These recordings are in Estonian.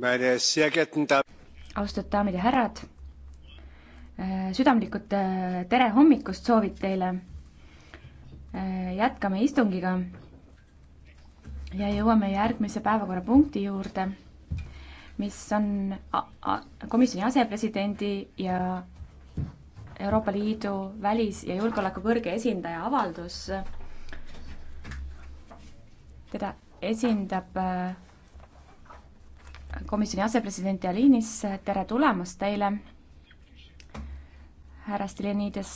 austatud daamid ja härrad, äh, südamlikud äh, tere hommikust soovid teile. Äh, jätkame istungiga ja jõuame järgmise päevakorrapunkti juurde, mis on komisjoni asepresidendi ja Euroopa Liidu välis- ja julgeoleku kõrge esindaja avaldus. teda esindab komisjoni asepresident Jalinis, tere tulemast teile. härra Stilenides,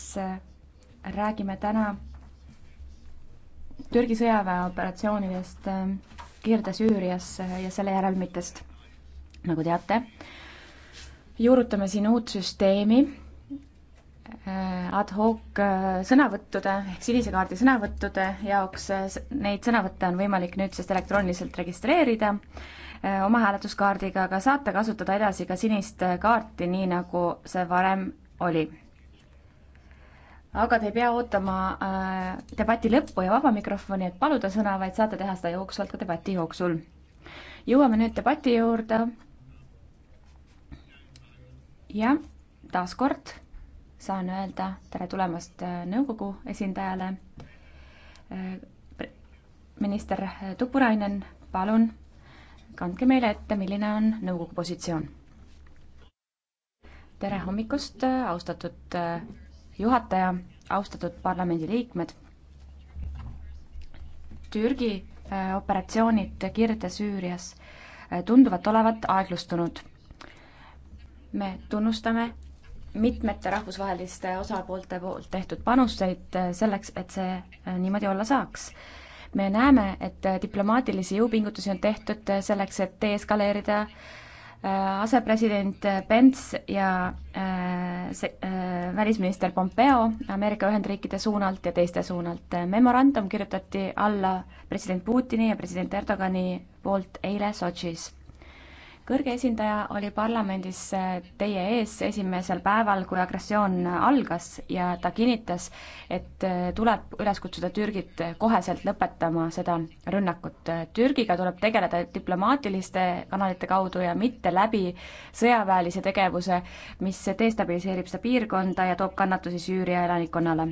räägime täna Türgi sõjaväeoperatsioonidest Kirde-Süürias ja selle järelmitest. nagu teate, juurutame siin uut süsteemi Äh, ad hoc äh, sõnavõttude ehk sinise kaardi sõnavõttude jaoks, äh, neid sõnavõtte on võimalik nüüdsest elektrooniliselt registreerida oma hääletuskaardiga, aga saate kasutada edasi ka sinist kaarti, nii nagu see varem oli. aga te ei pea ootama debati lõppu ja vaba mikrofoni, et paluda sõna, vaid saate teha seda jooksvalt ka debati jooksul. jõuame nüüd debati juurde. jah, taaskord saan öelda tere tulemast äh, nõukogu esindajale. Äh, minister Tupurainen, palun kandke meile ette, milline on nõukogu positsioon. tere hommikust, äh, austatud juhataja, austatud parlamendiliikmed. Türgi operatsioonid Kirde-Süürias tunduvad olevat aeglustunud. me tunnustame mitmete rahvusvaheliste osapoolte poolt tehtud panuseid eh, selleks, et see eh, niimoodi olla saaks. me näeme, et eh, diplomaatilisi jõupingutusi on tehtud selleks, et deeskaleerida asepresident Pence ja see, välisminister Pompeo Ameerika Ühendriikide suunalt ja teiste suunalt. memorandum kirjutati alla president Putini ja president Erdogani poolt eile Sotšis kõrge esindaja oli parlamendis eh, teie ees esimesel päeval, kui agressioon algas ja ta kinnitas, et eh, tuleb üles kutsuda Türgit koheselt lõpetama seda rünnakut. Türgiga tuleb tegeleda diplomaatiliste kanalite kaudu ja mitte läbi sõjaväelise tegevuse, mis destabiliseerib seda piirkonda ja toob kannatusi Süüria elanikkonnale.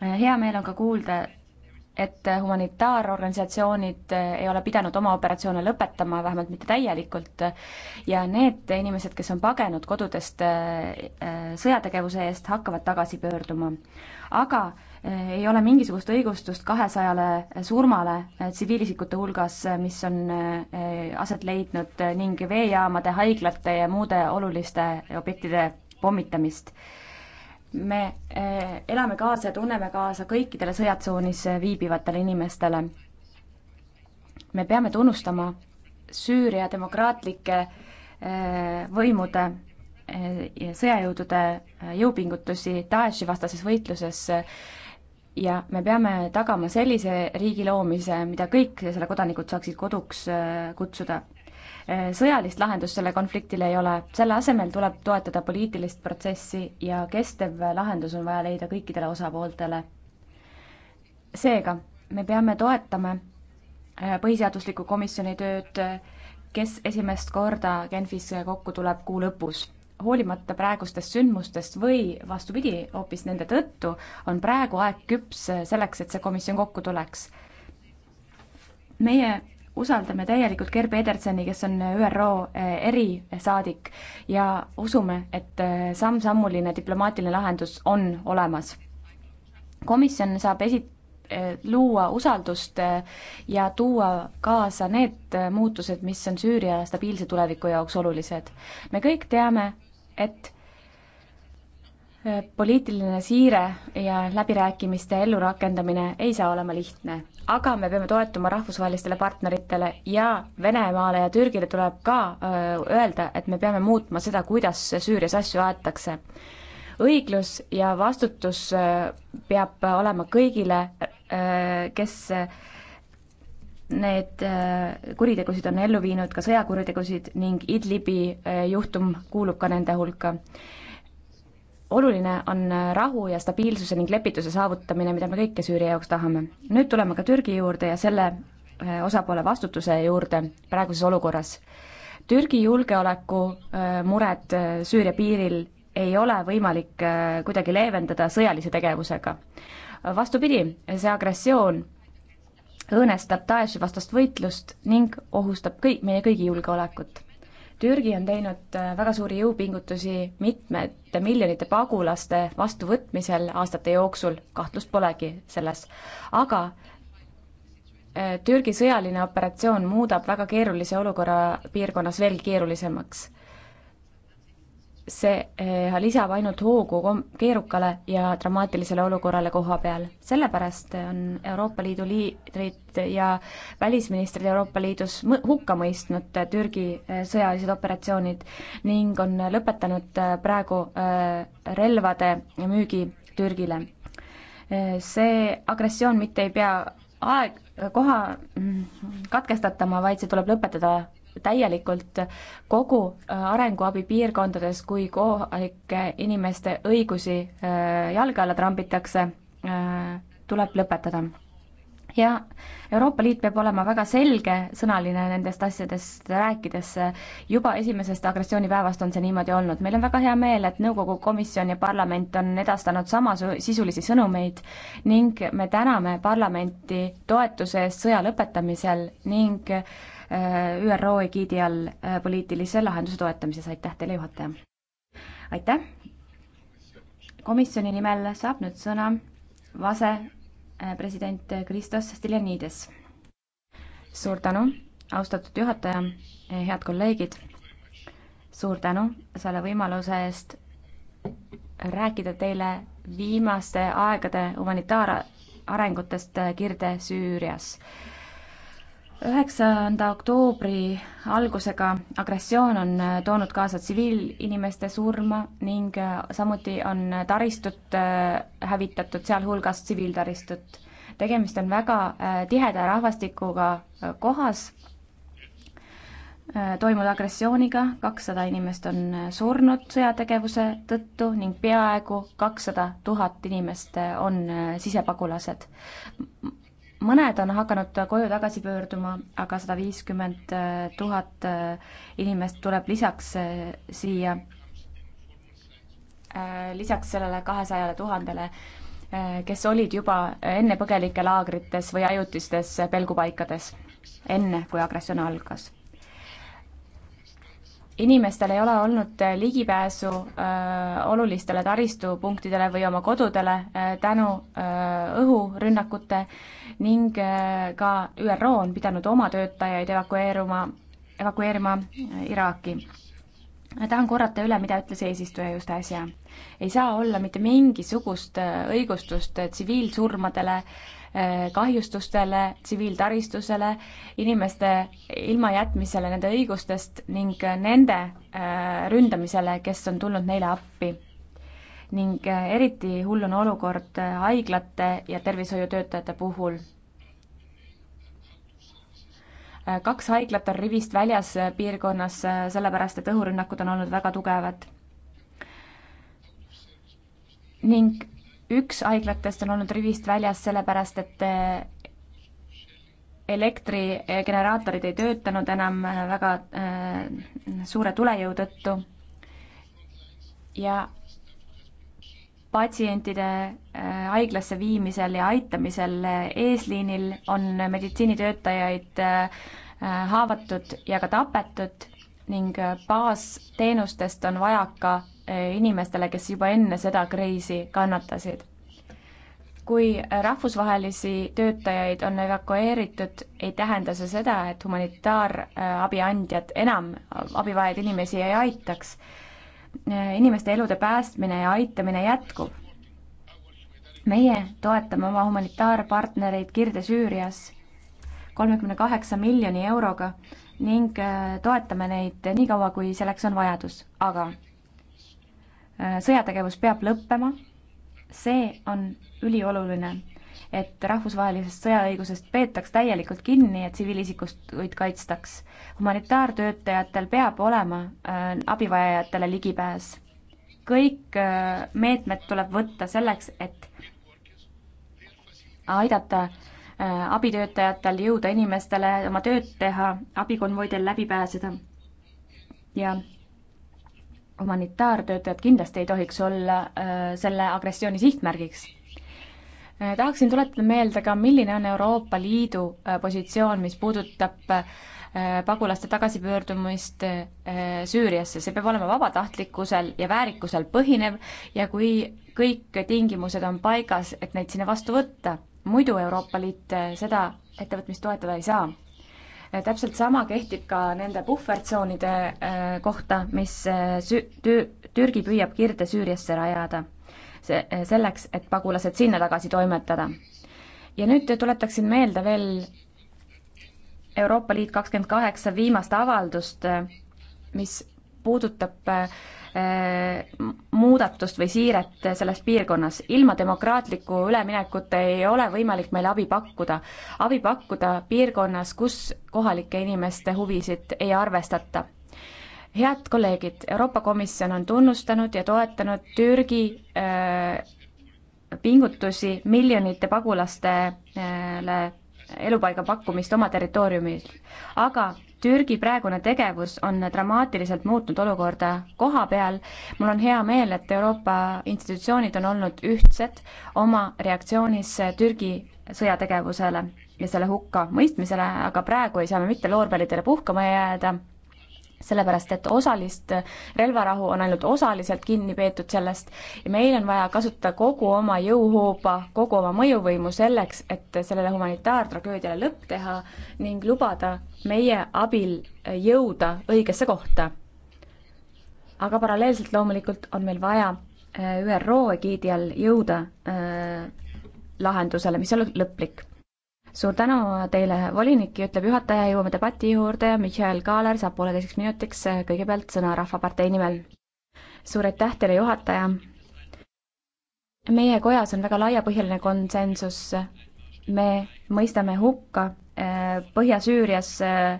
Eh, hea meel on ka kuulda et humanitaarorganisatsioonid ei ole pidanud oma operatsioone lõpetama, vähemalt mitte täielikult, ja need inimesed, kes on pagenud kodudest äh, äh, sõjategevuse eest, hakkavad tagasi pöörduma. aga äh, ei ole mingisugust õigustust kahesajale surmale tsiviilisikute hulgas, mis on aset leidnud ning veejaamade, haiglate ja muude oluliste objektide pommitamist me eh, elame kaasa ja tunneme kaasa kõikidele sõjatsoonis eh, viibivatele inimestele. me peame tunnustama Süüria demokraatlike eh, võimude ja sõjajõudude jõupingutusi Daeshi vastases võitluses ja me peame tagama sellise riigi loomise, mida kõik selle kodanikud saaksid koduks kutsuda Eh, sõjalist lahendust sellele konfliktile ei ole, selle asemel tuleb toetada poliitilist protsessi ja kestev lahendus on vaja leida kõikidele osapooltele. seega, me peame toetama eh, põhiseadusliku komisjoni tööd, kes esimest korda Genfis kokku tuleb kuu lõpus. hoolimata praegustest sündmustest või vastupidi, hoopis nende tõttu, on praegu aeg küps selleks, et see komisjon kokku tuleks. meie usaldame täielikult Gerb Edersoni, kes on ÜRO eh, erisaadik ja usume, et eh, samm-sammuline diplomaatiline lahendus on olemas. komisjon saab esi-, eh, luua usaldust ja tuua kaasa need muutused, mis on Süüria stabiilse tuleviku jaoks olulised. me kõik teame, et poliitiline siire ja läbirääkimiste ellurakendamine ei saa olema lihtne, aga me peame toetuma rahvusvahelistele partneritele ja Venemaale ja Türgile tuleb ka öelda, et me peame muutma seda, kuidas Süürias asju aetakse. õiglus ja vastutus peab olema kõigile, kes need kuritegusid on ellu viinud, ka sõjakuritegusid ning Idlibi juhtum kuulub ka nende hulka oluline on rahu ja stabiilsuse ning lepituse saavutamine, mida me kõike Süüria jaoks tahame. nüüd tuleme ka Türgi juurde ja selle äh, osapoole vastutuse juurde praeguses olukorras. Türgi julgeoleku äh, mured äh, Süüria piiril ei ole võimalik kuidagi leevendada sõjalise tegevusega. vastupidi, see agressioon õõnestab Daeshi vastast võitlust ning ohustab kõik, meie kõigi julgeolekut. Türgi on teinud äh, väga suuri jõupingutusi mitmete miljonite pagulaste vastuvõtmisel aastate jooksul, kahtlust polegi selles. aga äh, Türgi sõjaline operatsioon muudab väga keerulise olukorra piirkonnas veelgi keerulisemaks see eh, lisab ainult hoogu keerukale ja dramaatilisele olukorrale koha peal. sellepärast on Euroopa Liidu liidrid ja välisministrid Euroopa Liidus hukka mõistnud Türgi eh, sõjalised operatsioonid ning on lõpetanud eh, praegu relvade müügi Türgile. see agressioon mitte ei pea aeg, koha mm, katkestatama, vaid see tuleb lõpetada täielikult kogu äh, arenguabi piirkondades, kui kohalike inimeste õigusi äh, jalge alla trambitakse, äh, tuleb lõpetada ja Euroopa Liit peab olema väga selgesõnaline nendest asjadest rääkides, juba esimesest agressioonipäevast on see niimoodi olnud, meil on väga hea meel, et nõukogu komisjon ja parlament on edastanud samasisulisi sõnumeid ning me täname parlamenti toetuse eest sõja lõpetamisel ning äh, Äh, ÜRO egiidi all äh, poliitilise lahenduse toetamises, aitäh teile, juhataja! aitäh! komisjoni nimel saab nüüd sõna Vase äh, president Kristos Stiljanides. suur tänu, austatud juhataja, head kolleegid, suur tänu selle võimaluse eest rääkida teile viimaste aegade humanitaararengutest Kirde-Süürias üheksanda oktoobri algusega agressioon on äh, toonud kaasa tsiviilinimeste surma ning äh, samuti on taristut äh, hävitatud, sealhulgas tsiviiltaristut. tegemist on väga tiheda rahvastikuga kohas, toimunud agressiooniga, kakssada inimest on surnud sõjategevuse tõttu ning peaaegu kakssada tuhat inimest on sisepagulased mõned on hakanud koju tagasi pöörduma, aga sada viiskümmend tuhat eh, inimest tuleb lisaks eh, siia, eh, lisaks sellele kahesajale tuhandele, kes olid juba enne põgenikelaagrites või ajutistes pelgupaikades, enne kui agressioon algas inimestel ei ole olnud äh, ligipääsu äh, olulistele taristupunktidele või oma kodudele äh, tänu äh, õhurünnakute ning äh, ka ÜRO on pidanud oma töötajaid evakueeruma, evakueerima äh, Iraaki. tahan korrata üle, mida ütles eesistuja just äsja. ei saa olla mitte mingisugust äh, õigustust tsiviilsurmadele äh, kahjustustele, tsiviiltaristusele, inimeste ilmajätmisele nende õigustest ning nende äh, ründamisele, kes on tulnud neile appi. ning äh, eriti hull on olukord äh, haiglate ja tervishoiutöötajate puhul. kaks haiglat on rivist väljas piirkonnas, sellepärast et õhurünnakud on olnud väga tugevad. ning üks haiglatest on olnud rivist väljas sellepärast, et eh, elektrigeneraatorid ei töötanud enam eh, väga eh, suure tulejõu tõttu ja patsientide haiglasse viimisel ja aitamisel eesliinil on meditsiinitöötajaid haavatud ja ka tapetud ning baasteenustest on vajaka inimestele, kes juba enne seda kriisi kannatasid. kui rahvusvahelisi töötajaid on evakueeritud, ei tähenda see seda, et humanitaarabi andjad enam abivajajaid inimesi ei aitaks. inimeste elude päästmine ja aitamine jätkub. meie toetame oma humanitaarpartnereid Kirde-Süürias kolmekümne kaheksa miljoni euroga ning toetame neid nii kaua, kui selleks on vajadus, aga Äh, sõjategevus peab lõppema, see on ülioluline, et rahvusvahelisest sõjaõigusest peetaks täielikult kinni ja tsiviilisikuid kaitstaks. humanitaartöötajatel peab olema äh, abivajajatele ligipääs. kõik äh, meetmed tuleb võtta selleks, et aidata abitöötajatel jõuda inimestele oma tööd teha, abikonvoidel läbi pääseda ja humanitaartöötajad kindlasti ei tohiks olla äh, selle agressiooni sihtmärgiks. Äh, tahaksin tuletada meelde ka, milline on Euroopa Liidu äh, positsioon, mis puudutab pagulaste tagasipöördumist Süüriasse, see peab olema vabatahtlikkusel ja väärikusel põhinev ja kui kõik tingimused on paigas, et neid sinna vastu võtta, muidu Euroopa Liit seda ettevõtmist toetada ei saa täpselt sama kehtib ka nende puhvertsoonide äh, kohta, mis äh, sü-, tü-, Türgi püüab kirde Süüriasse rajada. see, äh, selleks, et pagulased sinna tagasi toimetada. ja nüüd tuletaksin meelde veel Euroopa Liit kakskümmend kaheksa viimast avaldust, mis puudutab Äh, muudatust või siiret selles piirkonnas. ilma demokraatliku üleminekuta ei ole võimalik meil abi pakkuda. abi pakkuda piirkonnas, kus kohalike inimeste huvisid ei arvestata. head kolleegid, Euroopa Komisjon on tunnustanud ja toetanud Türgi äh, pingutusi miljonite pagulastele elupaiga pakkumist oma territooriumil, aga Türgi praegune tegevus on dramaatiliselt muutnud olukorda koha peal. mul on hea meel, et Euroopa institutsioonid on olnud ühtsed oma reaktsioonis Türgi sõjategevusele ja selle hukkamõistmisele, aga praegu ei saa me mitte loorberitele puhkama jääda sellepärast et osalist relvarahu on ainult osaliselt kinni peetud sellest ja meil on vaja kasutada kogu oma jõuhooba, kogu oma mõjuvõimu selleks, et sellele humanitaartragöödiale lõpp teha ning lubada meie abil jõuda õigesse kohta. aga paralleelselt loomulikult on meil vaja äh, ÜRO egiidi all jõuda äh, lahendusele, mis on lõplik suur tänu teile, volinik, ütleb juhataja, jõuame debati juurde ja Mihhail Kaaler saab pooleteiseks minutiks kõigepealt sõna Rahvapartei nimel. suur aitäh teile, juhataja. meie kojas on väga laiapõhjaline konsensus. me mõistame hukka eh, Põhja-Süürias eh,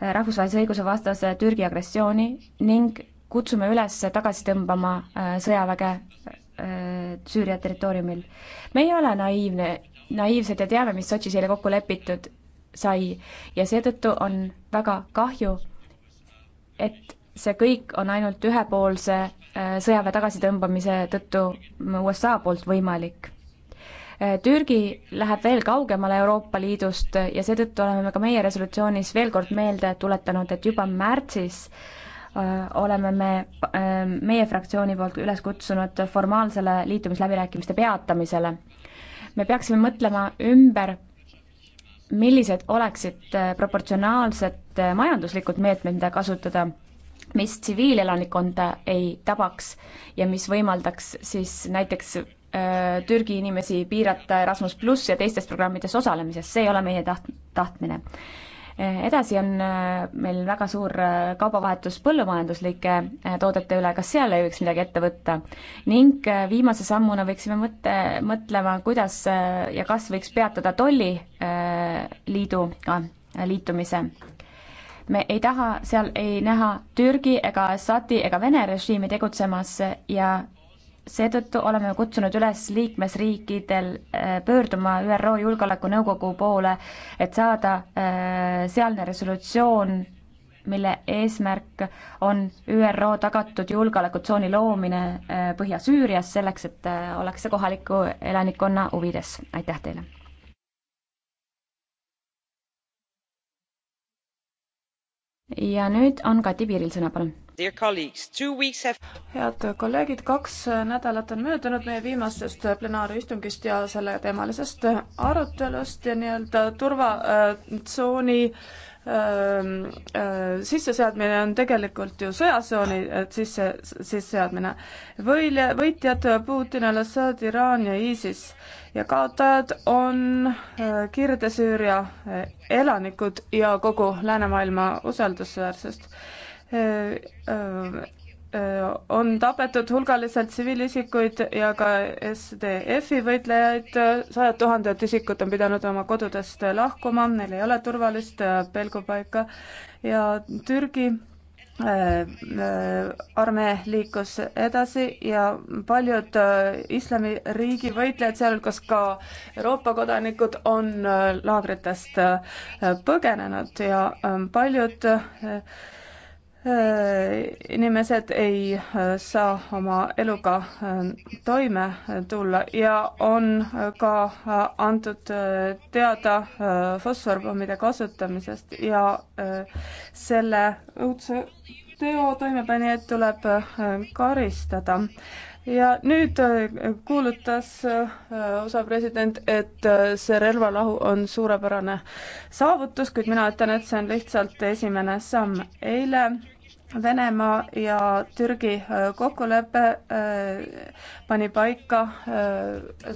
rahvusvahelise õiguse vastase Türgi agressiooni ning kutsume üles tagasi tõmbama eh, sõjaväge Süüria territooriumil. me ei ole naiivne naiivsed ja teame, mis Sotšis eile kokku lepitud sai ja seetõttu on väga kahju, et see kõik on ainult ühepoolse äh, sõjaväe tagasitõmbamise tõttu USA poolt võimalik. Äh, Türgi läheb veel kaugemale Euroopa Liidust ja seetõttu oleme ka meie resolutsioonis veel kord meelde tuletanud, et juba märtsis äh, oleme me, meie fraktsiooni poolt üles kutsunud formaalsele liitumisläbirääkimiste peatamisele me peaksime mõtlema ümber, millised oleksid äh, proportsionaalsed äh, majanduslikud meetmed, mida kasutada, mis tsiviilelanikkonda äh, ei tabaks ja mis võimaldaks siis näiteks Türgi inimesi piirata Erasmus pluss ja teistes programmides osalemises, see ei ole meie taht-, tahtmine edasi on äh, meil väga suur äh, kaubavahetus põllumajanduslike äh, toodete üle, kas seal ei võiks midagi ette võtta? ning viimase sammuna võiksime mõtte, mõtlema, kuidas ja kas võiks peatada tolliliiduga liitumise me ei taha seal ei näha Türgi ega Assadi ega Vene režiimi tegutsemas ja seetõttu oleme kutsunud üles liikmesriikidel äh, pöörduma ÜRO Julgeolekunõukogu poole, et saada äh, sealne resolutsioon, mille eesmärk on ÜRO tagatud julgeolekutsooni loomine äh, Põhja-Süürias selleks, et oleks see kohaliku elanikkonna huvides. aitäh teile! ja nüüd on Kati Piiril sõna, palun. head kolleegid, kaks nädalat on möödunud meie viimasest plenaaristungist ja selleteemalisest arutelust ja nii-öelda turvatsooni äh, sisseseadmine on tegelikult ju sõjaseooni sisse, sisseseadmine. võil-, võitjad Putin, Al-Assad, Iraan ja ISIS ja kaotajad on Kirde-Süüria e, elanikud ja kogu läänemaailma usaldusväärsust on tapetud hulgaliselt tsiviilisikuid ja ka SDF-i võitlejaid, sajad tuhanded isikud on pidanud oma kodudest lahkuma, neil ei ole turvalist äh, pelgupaika ja Türgi äh, äh, armee liikus edasi ja paljud islamiriigi võitlejad, sealhulgas ka Euroopa kodanikud, on laagritest põgenenud ja paljud Äh, inimesed ei äh, saa oma eluga äh, toime tulla ja on ka antud teada fosforpommide kasutamisest ja selle õudse teo toimepanijad tuleb karistada ja nüüd äh, kuulutas USA äh, president, et äh, see relvalahu on suurepärane saavutus, kuid mina ütlen, et see on lihtsalt esimene samm. eile Venemaa ja Türgi kokkulepe pani paika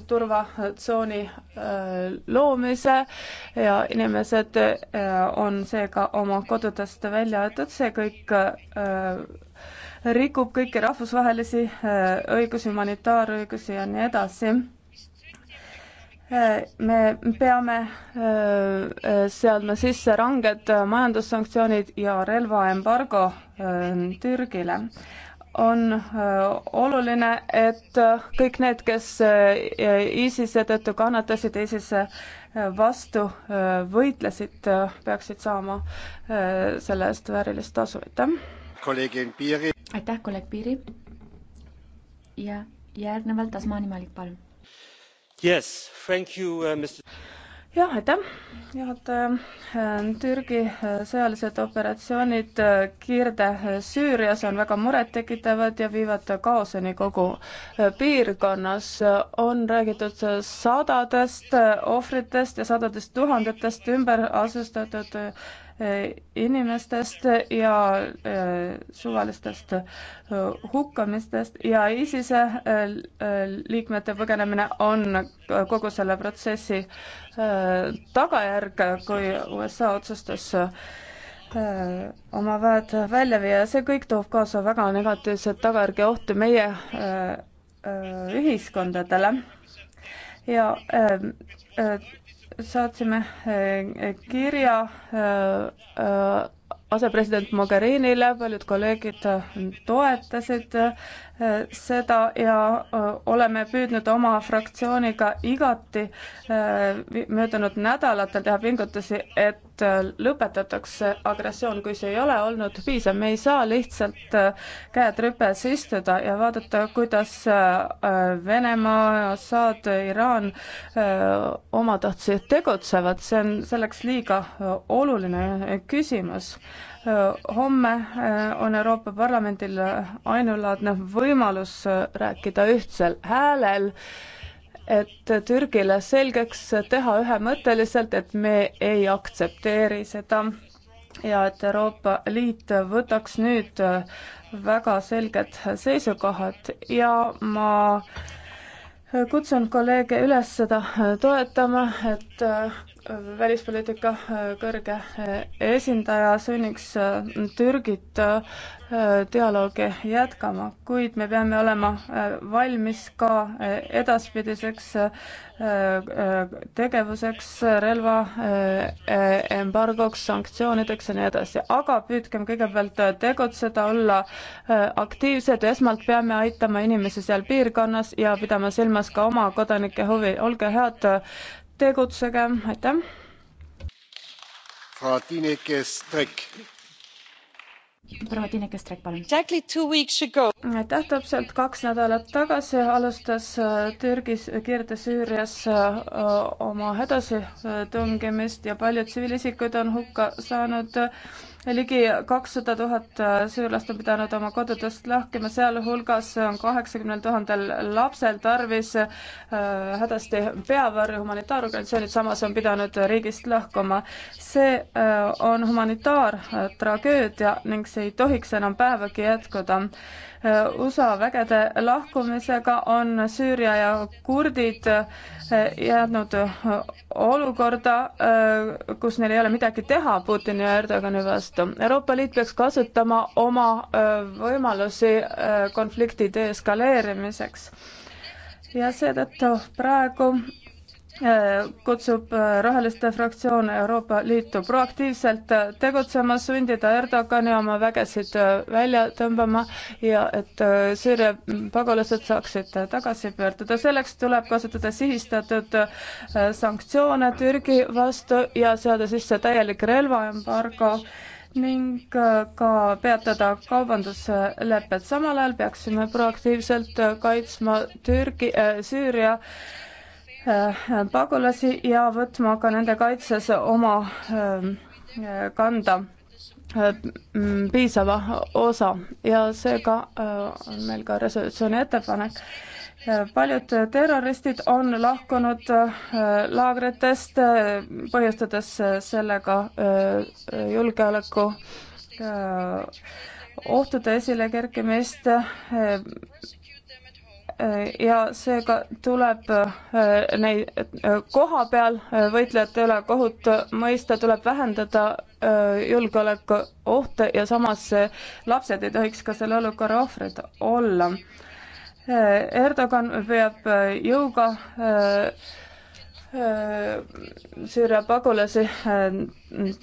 turvatsooni loomise ja inimesed on seega oma kodudest välja jäetud, see kõik rikub kõiki rahvusvahelisi äh, õigusi, humanitaarõigusi ja nii edasi. Äh, me peame äh, seadma sisse ranged majandussanktsioonid ja relvaembargo Türgile on oluline, et kõik need, kes ISISe tõttu kannatasid, ISISe vastu võitlesid, peaksid saama selle eest väärilist tasu, aitäh! aitäh, kolleeg Piiri. ja järgnevalt Asmani Malik, palun. Yes, thank you uh,, Mr jah, aitäh, juhataja. Ähm, Türgi äh, sõjalised operatsioonid äh, Kirde äh, Süürias on väga murettekitavad ja viivad kaoseni kogu piirkonnas. on räägitud sadadest ohvritest ja sadadest tuhandetest ümber asustatud Äh, inimestest ja äh, suvalistest äh, hukkamistest ja ISISe liikmete põgenemine on kogu selle protsessi tagajärg, kui USA otsustas oma väed välja viia ja see kõik toob kaasa väga negatiivseid tagajärgi ohtu meie ühiskondadele ja saatsime eh, kirja eh, eh, asepresident Mogherinile, paljud kolleegid toetasid äh, seda ja äh, oleme püüdnud oma fraktsiooniga igati äh, möödunud nädalatel teha pingutusi, et lõpetatakse agressioon, kui see ei ole olnud piisav. me ei saa lihtsalt käed rüpes istuda ja vaadata, kuidas Venemaa, Assad, Iraan omatahtsi tegutsevad, see on selleks liiga oluline küsimus jaoks. Äh, homme äh, on Euroopa Parlamendil äh, ainulaadne võimalus rääkida ühtsel häälel, et Türgile selgeks teha ühemõtteliselt, et me ei aktsepteeri seda ja et Euroopa Liit võtaks nüüd väga selged seisukohad ja ma kutsun kolleege üles seda toetama, et välispoliitika äh, kõrge äh, esindaja sunniks äh, Türgit dialoogi jätkama, kuid me peame olema valmis ka edaspidiseks tegevuseks, relva embargoks, sanktsioonideks ja nii edasi, aga püüdkem kõigepealt tegutseda, olla aktiivsed, esmalt peame aitama inimesi seal piirkonnas ja pidama silmas ka oma kodanike huvi, olge head tegutsege, aitäh. proua Tiine Kestrek proua Tiine Kestrek, palun. aitäh, täpselt kaks nädalat tagasi alustas äh, Türgis äh, Kirde-Süürias äh, oma edasitungimist ja paljud tsiviilisikud on hukka saanud ligi kakssada tuhat äh, süürlast on pidanud oma kodudest lahkima, sealhulgas on kaheksakümnel tuhandel lapsel tarvis äh, hädasti peavarju, humanitaarorganisatsioonid samas on pidanud riigist lahkuma. see äh, on humanitaartragöödia ning see ei tohiks enam päevagi jätkuda USA vägede lahkumisega on Süüria ja kurdid eh, jäänud olukorda, eh, kus neil ei ole midagi teha Putini ja Erdogani vastu. Euroopa Liit peaks kasutama oma eh, võimalusi konflikti deeskaleerimiseks ja seetõttu praegu Äh, kutsub äh, Roheliste fraktsioon Euroopa Liitu proaktiivselt äh, tegutsema, sundida Erdogani oma vägesid välja tõmbama ja et Süüria pagulased saaksid tagasi pöörduda. selleks tuleb kasutada sihistatud sanktsioone Türgi vastu ja seada sisse täielik relvaembargo ning ka peatada kaubanduslepped. samal ajal peaksime proaktiivselt kaitsma Türgi äh,, Süüria äh, Äh, pagulasi ja võtma ka nende kaitses oma ähm, äh, kanda äh, mm, piisava osa ja seega on meil ka resolutsiooni ettepanek paljud terroristid on lahkunud laagritest, põhjustades sellega julgeoleku ohtude esilekerkimist Äh, ja seega tuleb äh, neid äh, koha peal võitlejate üle kohut mõista, tuleb vähendada julgeolekuohte ja samas lapsed ei tohiks ka selle olukorra ohvrid olla. Erdogan püüab jõuga Äh, Süüria pagulasi äh,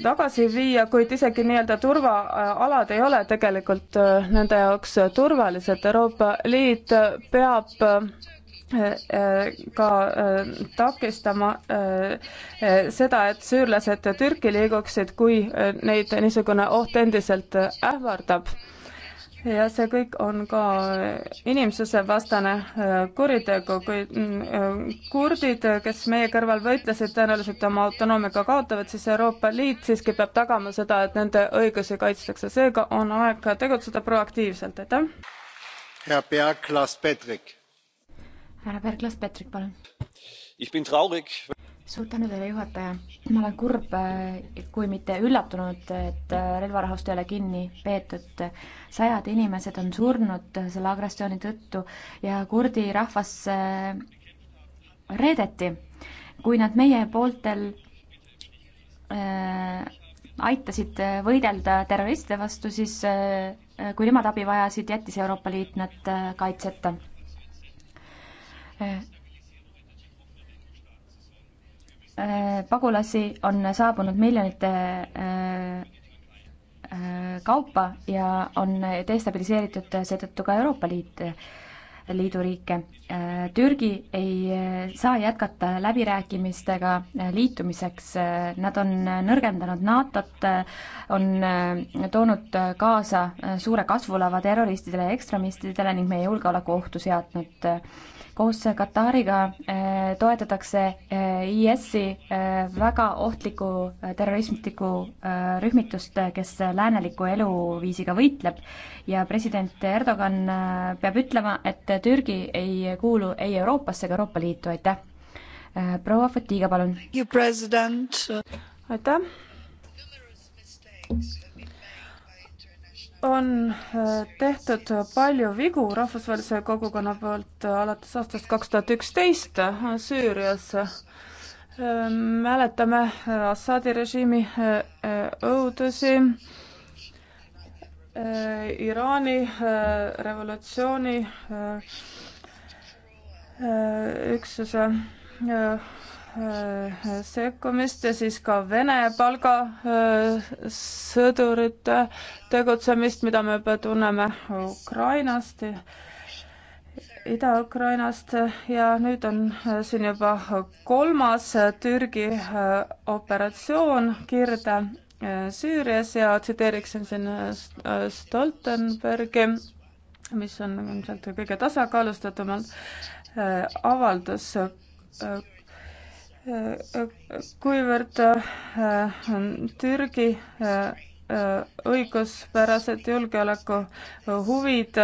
tagasi viia, kuid isegi nii-öelda turvaalad ei ole tegelikult äh, nende jaoks turvalised. Euroopa Liit peab ka takistama seda, et süürlased Türki liiguksid, kui neid niisugune oht endiselt ähvardab ja see kõik on ka inimsusevastane äh, kuritegu, kui mm, äh, kurdid, äh, kes meie kõrval võitlesid, tõenäoliselt oma autonoomiaga kaotavad, siis Euroopa Liit siiski peab tagama seda, et nende õigusi kaitstakse, seega on aeg tegutseda proaktiivselt, aitäh. härra Berglas-Petrik. härra Berglas-Petrik, palun suur tänu teile, juhataja. ma olen kurb, kui mitte üllatunud, et relvarahust ei ole kinni peetud. sajad inimesed on surnud selle agressiooni tõttu ja kurdi rahvas eh, reedeti. kui nad meie pooltel äh, aitasid võidelda terroristide vastu, siis äh, kui nemad abi vajasid, jättis Euroopa Liit nad äh, kaitseta äh, Äh, pagulasi on saabunud miljonite äh, äh, kaupa ja on destabiliseeritud seetõttu ka Euroopa Liit. Liidu riike. Türgi ei eh, saa jätkata läbirääkimistega eh, liitumiseks, eh, nad on nõrgendanud NATO-t, on toonud kaasa suure kasvulava terroristidele ja ekstremistidele ning meie julgeoleku ohtu seadnud. koos Katariga toetatakse IS-i väga ohtlikku terroristlikku rühmitust, kes lääneliku eluviisiga võitleb ja president Erdogan peab ütlema, et Türgi ei kuulu ei Euroopasse ega Euroopa Liitu, aitäh. Äh, proua Fatiga, palun. aitäh. on äh, tehtud palju vigu rahvusvahelise kogukonna poolt alates aastast kaks tuhat üksteist Süürias äh, mäletame Assadi režiimi õudusi Äh, Iraani äh, revolutsiooni äh, üksuse sekkumist ja siis ka Vene palgasõdurite tegutsemist, mida me juba tunneme Ukrainast, Ida-Ukrainast ja nüüd on siin juba kolmas Türgi operatsioon Kirde Süürias ja tsiteeriksin siin äh, Stoltenbergi, mis on ilmselt kõige tasakaalustatumalt äh, avaldus, äh, kuivõrd Türgi õiguspärased julgeolekuhuvid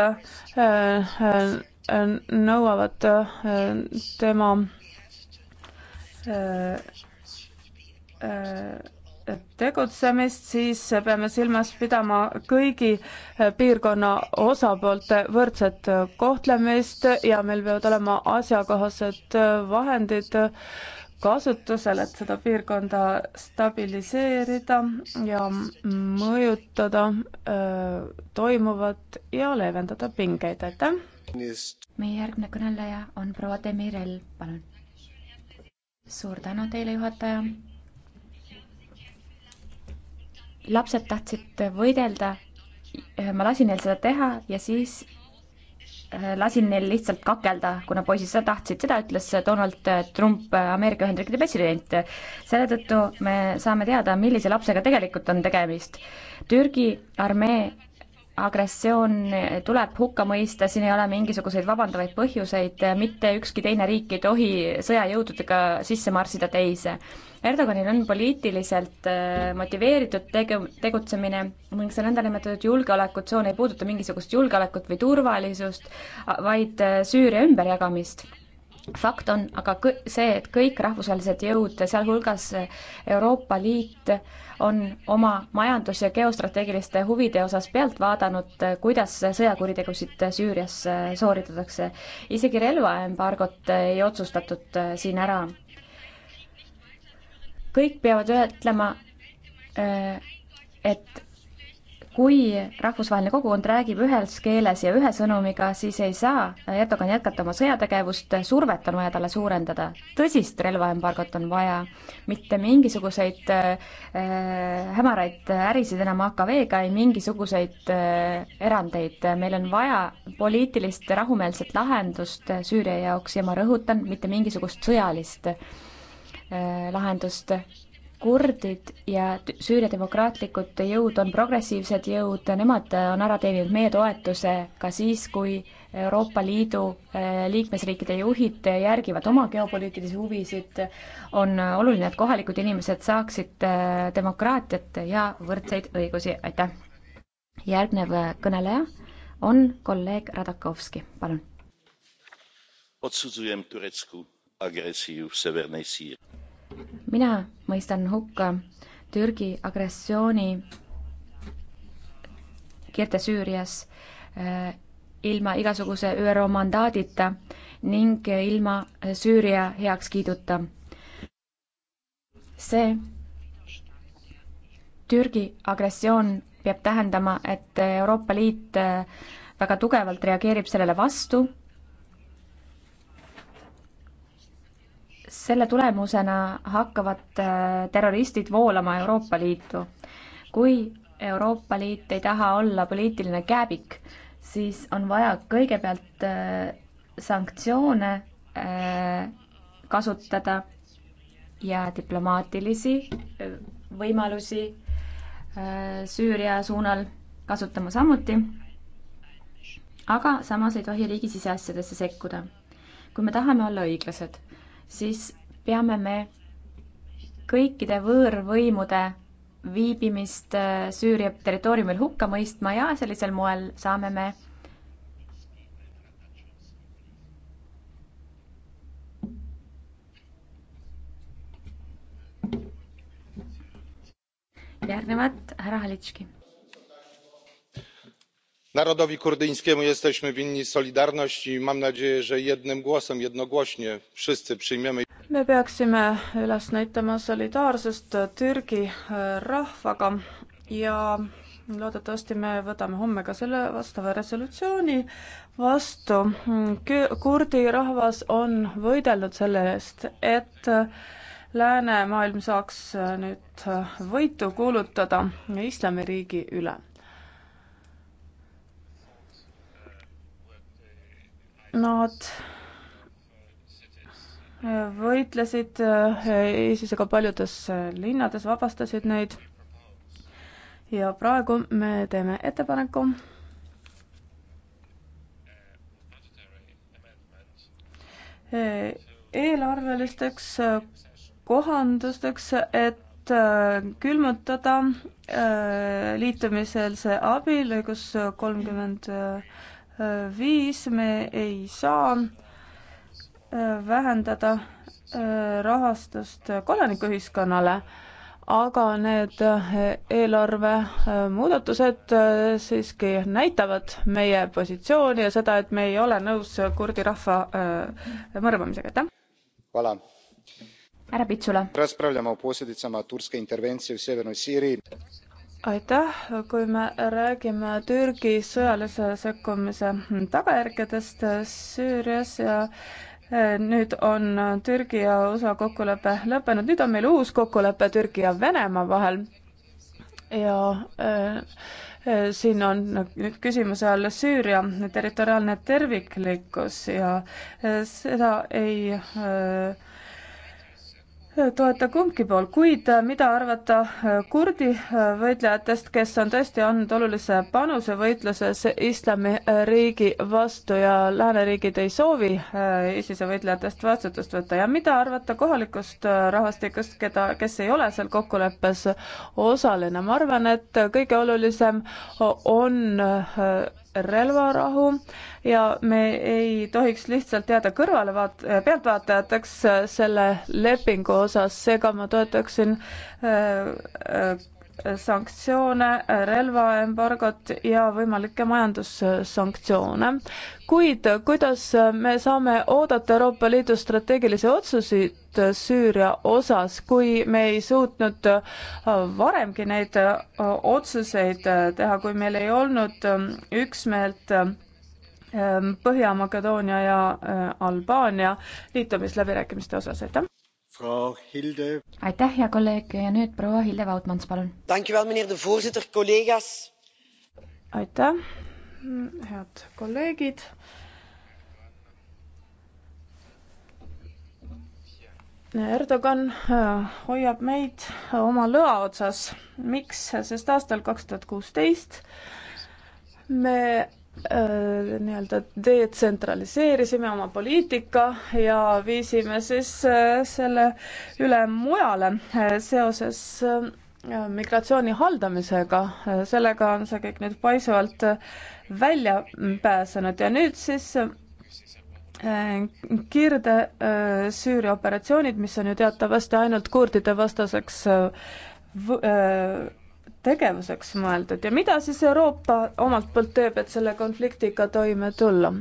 nõuavad tema tegutsemist, siis peame silmas pidama kõigi eh, piirkonna osapoolte võrdset eh, kohtlemist ja meil peavad olema asjakohased eh, vahendid kasutusel, et seda piirkonda stabiliseerida ja mõjutada öö, toimuvat ja leevendada pingeid, aitäh! meie järgmine kõneleja on proua Demirel, palun. suur tänu teile, juhataja lapsed tahtsid võidelda, ma lasin neil seda teha ja siis äh, lasin neil lihtsalt kakelda, kuna poisid seda tahtsid, seda ütles Donald äh, Trump, äh, Ameerika Ühendriikide president. selle tõttu me saame teada, millise lapsega tegelikult on tegemist. Türgi armee agressioon tuleb hukka mõista, siin ei ole mingisuguseid vabandavaid põhjuseid, mitte ükski teine riik ei tohi sõjajõududega sisse marssida teise. Erdoganil on poliitiliselt äh, motiveeritud tege-, tegutsemine ning see nõndanimetatud julgeolekutsoon ei puuduta mingisugust julgeolekut või turvalisust, vaid äh, Süüria ümberjagamist fakt on aga see, et kõik rahvusvahelised jõud, sealhulgas Euroopa Liit, on oma majandus- ja geostrateegiliste huvide osas pealt vaadanud, kuidas sõjakuritegusid Süürias äh, sooritatakse. isegi relvaembargot ei otsustatud äh, siin ära. kõik peavad ütlema, äh, et kui rahvusvaheline kogukond räägib ühes keeles ja ühe sõnumiga, siis ei saa Erdogan jätkata oma sõjategevust, survet on vaja talle suurendada, tõsist relvaembargot on vaja, mitte mingisuguseid äh, äh hämaraid ärisid enam AKV-ga, ei mingisuguseid äh, erandeid, meil on vaja poliitilist rahumeelset lahendust Süüria jaoks ja ma rõhutan, mitte mingisugust sõjalist äh, lahendust kurdid ja Süüria demokraatlikud jõud on progressiivsed jõud, nemad on ära teeninud meie toetuse ka siis, kui Euroopa Liidu eh, liikmesriikide juhid järgivad oma geopoliitilisi huvisid, on oluline, et kohalikud inimesed saaksid eh, demokraatiat ja võrdseid õigusi, aitäh! järgnev kõneleja on kolleeg Radakovski, palun. odsudzujem turecku agresiiv Severnej Siiri mina mõistan hukka Türgi agressiooni Kirde-Süürias äh, ilma igasuguse ÜRO mandaadita ning ilma Süüria heakskiiduta. see Türgi agressioon peab tähendama, et Euroopa Liit äh, väga tugevalt reageerib sellele vastu selle tulemusena hakkavad äh, terroristid voolama Euroopa Liitu. kui Euroopa Liit ei taha olla poliitiline kääbik, siis on vaja kõigepealt äh, sanktsioone äh, kasutada ja diplomaatilisi võimalusi Süüria suunal kasutama samuti, aga samas ei tohi riigi siseasjadesse sekkuda. kui me tahame olla õiglased siis peame me kõikide võõrvõimude viibimist äh, Süüria territooriumil hukka mõistma ja sellisel moel saame me järgnevat härra Halitški narodowi kurdyjskiemu jesteśmy winni solidarność i mam nadzieję że jednym głosem jednogłośnie wszyscy przyjmiemy. me peaksime üles näitama solidaarsust türgi e, rahvaga ja loodetavasti me võtame homme ka selle vastava resolutsiooni vastu. kurdi rahvas on võidelnud selle eest et läänemaailm saaks nüüd võitu kuulutada islamiriigi üle. Nad võitlesid ISISega eh, paljudes linnades, vabastasid neid. ja praegu me teeme ettepaneku eh, eelarvelisteks eh, kohandusteks, et külmutada liitumiseelse abi lõigus kolmkümmend 30 viis me ei saa äh, vähendada äh, rahastust kodanikuühiskonnale, aga need äh, eelarve muudatused siiski näitavad meie positsiooni ja seda, et me ei ole nõus kurdi rahva mõrvamisega, aitäh! härra Pitsula aitäh, kui me räägime Türgi sõjalise sekkumise tagajärgedest Süürias ja eh, nüüd on Türgi ja USA kokkulepe lõppenud, nüüd on meil uus kokkulepe Türgi ja Venemaa vahel ja äh, siin on nüüd küsimuse all Süüria territoriaalne terviklikkus ja seda ei äh, toeta kumbki pool, kuid äh, mida arvata äh, kurdi äh, võitlejatest, kes on tõesti andnud olulise panuse võitluses islamiriigi vastu ja lääneriigid ei soovi ISISe võitlejatest vastutust võtta ja mida arvata kohalikust rahvastikust, keda, kes ei ole seal kokkuleppes osaline, ma arvan, et kõige olulisem on relvarahu ja me ei tohiks lihtsalt jääda kõrvalevaat-, pealtvaatajateks äh, selle lepingu osas, seega ma toetaksin äh, äh, sanktsioone, relvaembargot ja võimalikke majandussanktsioone. kuid kuidas me saame oodata Euroopa Liidu strateegilisi otsuseid Süüria osas, kui me ei suutnud varemgi neid otsuseid teha, kui meil ei olnud üksmeelt Põhja-Makedoonia ja Albaania liitumisläbirääkimiste osas, aitäh! aitäh, hea kolleeg ja nüüd proua Hilde Vautmans, palun. aitäh, head kolleegid. Erdogan äh, hoiab meid äh, oma lõa otsas. miks? sest aastal kaks tuhat kuusteist me Äh, nii-öelda detsentraliseerisime oma poliitika ja viisime siis äh, selle üle mujale äh, seoses migratsiooni haldamisega, sellega on see kõik nüüd paisuvalt välja pääsenud ja nüüd siis Kirde Süüria operatsioonid, mis on ju teatavasti ainult kurdide vastaseks tegevuseks mõeldud ja mida siis Euroopa omalt poolt teeb, et selle konfliktiga toime tulla?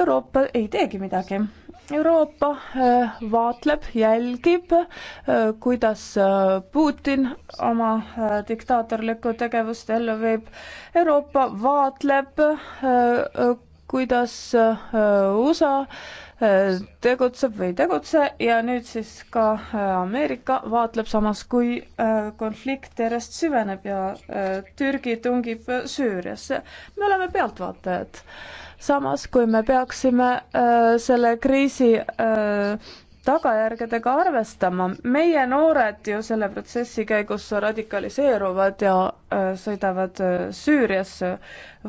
Euroopa ei teegi midagi. Euroopa äh, vaatleb, jälgib, äh, kuidas äh, Putin oma diktaatorlikku tegevust ellu viib. Euroopa vaatleb, kuidas äh, USA äh, tegutseb või ei tegutse ja nüüd siis ka äh, Ameerika vaatleb samas, kui konflikt järjest süveneb ja Türgi tungib Süüriasse. me oleme pealtvaatajad. samas, kui me peaksime selle kriisi tagajärgedega arvestama. meie noored ju selle protsessi käigus radikaliseeruvad ja äh, sõidavad äh, Süüriasse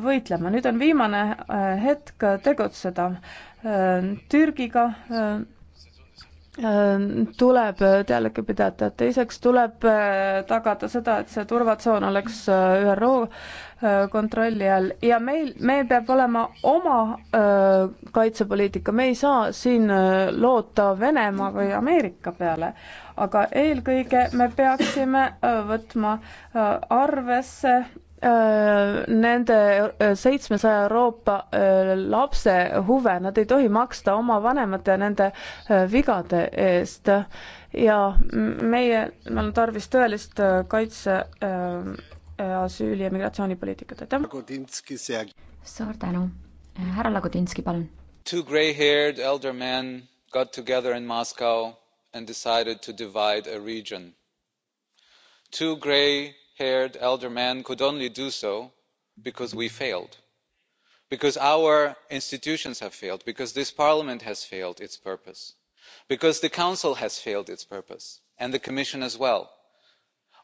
võitlema. nüüd on viimane äh, hetk tegutseda. Türgiga Ehm, tuleb äh, teadlikke pidada, teiseks tuleb äh, tagada seda, et see turvatsoon oleks äh, ÜRO kontrolli all ja meil, meil peab olema oma öö, kaitsepoliitika, me ei saa siin loota Venemaa või Ameerika peale, aga eelkõige me peaksime võtma arvesse Äh, nende äh, seitsmesaja Euroopa äh, lapse huve, nad ei tohi maksta oma vanemate ja nende vigade eest. ja meie, meil on tarvis tõelist kaitse asüüli- ja migratsioonipoliitikat, aitäh! suur tänu! härra Lagodinski, palun! Two grey-haired elder men got together in Moscow and decided to divide a region. Two grey haired elder man could only do so because we failed because our institutions have failed because this parliament has failed its purpose because the council has failed its purpose and the commission as well.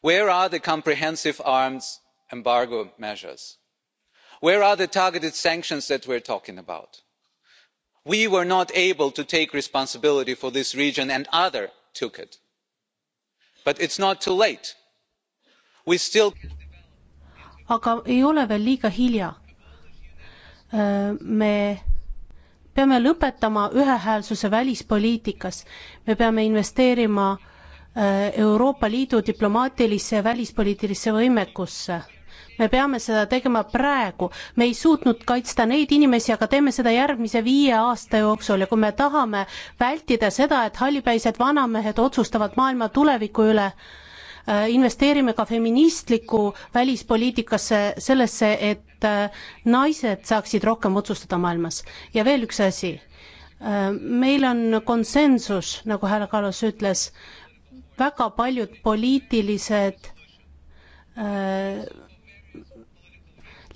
where are the comprehensive arms embargo measures? where are the targeted sanctions that we're talking about? we were not able to take responsibility for this region and others took it. but it's not too late. Still... aga ei ole veel liiga hilja. Äh, me peame lõpetama ühehäälsuse välispoliitikas, me peame investeerima äh, Euroopa Liidu diplomaatilisse ja välispoliitilisse võimekusse me peame seda tegema praegu, me ei suutnud kaitsta neid inimesi, aga teeme seda järgmise viie aasta jooksul ja kui me tahame vältida seda, et hallipäised vanamehed otsustavad maailma tuleviku üle, Äh, investeerime ka feministlikku välispoliitikasse, sellesse, et äh, naised saaksid rohkem otsustada maailmas. ja veel üks asi, äh, meil on konsensus, nagu härra Kallas ütles, väga paljud poliitilised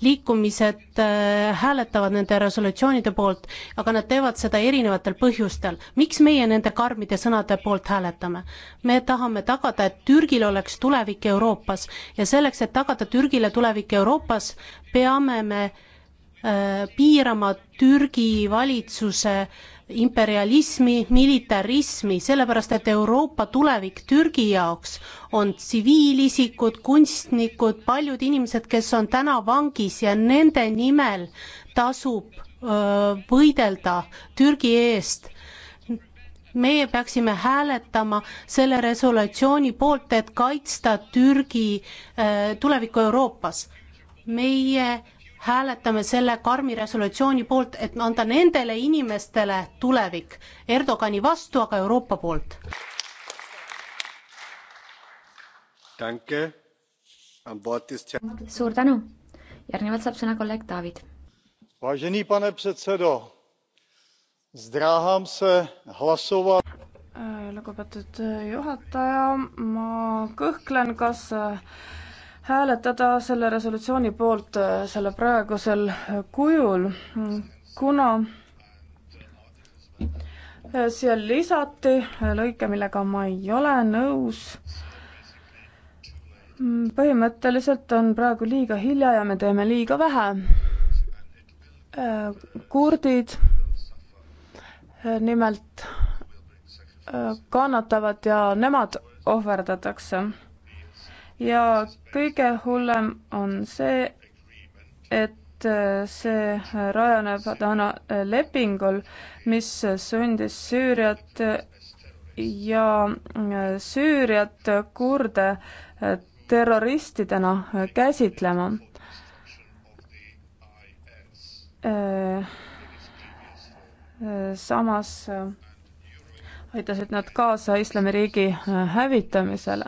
liikumised äh, hääletavad nende resolutsioonide poolt, aga nad teevad seda erinevatel põhjustel. miks meie nende karmide sõnade poolt hääletame? me tahame tagada, et Türgil oleks tulevik Euroopas ja selleks, et tagada Türgile tulevik Euroopas, peame me äh, piirama Türgi valitsuse äh, imperialismi, militarismi, sellepärast et Euroopa tulevik Türgi jaoks on tsiviilisikud, kunstnikud, paljud inimesed, kes on täna vangis ja nende nimel tasub öö, võidelda Türgi eest meie peaksime hääletama selle resolutsiooni poolt, et kaitsta Türgi tulevikku Euroopas. meie hääletame selle karmi resolutsiooni poolt, et anda nendele inimestele tulevik. Erdogani vastu, aga Euroopa poolt. suur tänu. järgnevalt saab sõna kolleeg David. Vážený pane předsedo, zdráhám se hlasovat. lugupeetud juhataja, ma kõhklen, kas hääletada selle resolutsiooni poolt äh, selle praegusel äh, kujul, kuna äh, siia lisati lõike, millega ma ei ole nõus. Mm, põhimõtteliselt on praegu liiga hilja ja me teeme liiga vähe. kurdid nimelt kannatavad ja nemad ohverdatakse ja kõige hullem on see, et äh, see rajaneb Dana äh, lepingul, mis sundis Süüriat äh, ja Süüriat kurde terroristidena käsitlema. samas aitasid nad kaasa islamiriigi hävitamisele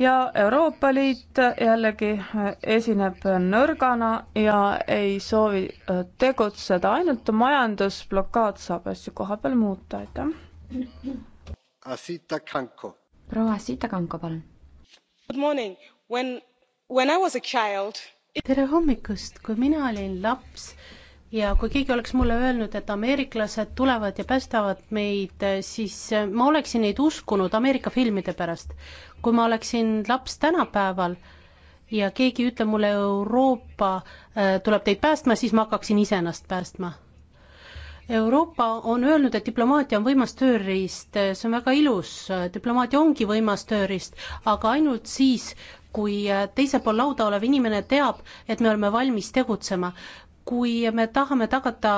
ja Euroopa Liit jällegi esineb nõrgana ja ei soovi äh, tegutseda, ainult majandusblokaad saab asju kohapeal muuta, aitäh. proua Asita Kanko, palun. tere hommikust, kui mina olin laps, ja kui keegi oleks mulle öelnud, et ameeriklased tulevad ja päästavad meid, siis ma oleksin neid uskunud Ameerika filmide pärast. kui ma oleksin laps tänapäeval ja keegi ütleb mulle, Euroopa äh, tuleb teid päästma, siis ma hakkaksin iseennast päästma. Euroopa on öelnud, et diplomaatia on võimas tööriist, see on väga ilus, diplomaatia ongi võimas tööriist, aga ainult siis, kui äh, teisel pool lauda olev inimene teab, et me oleme valmis tegutsema kui me tahame tagada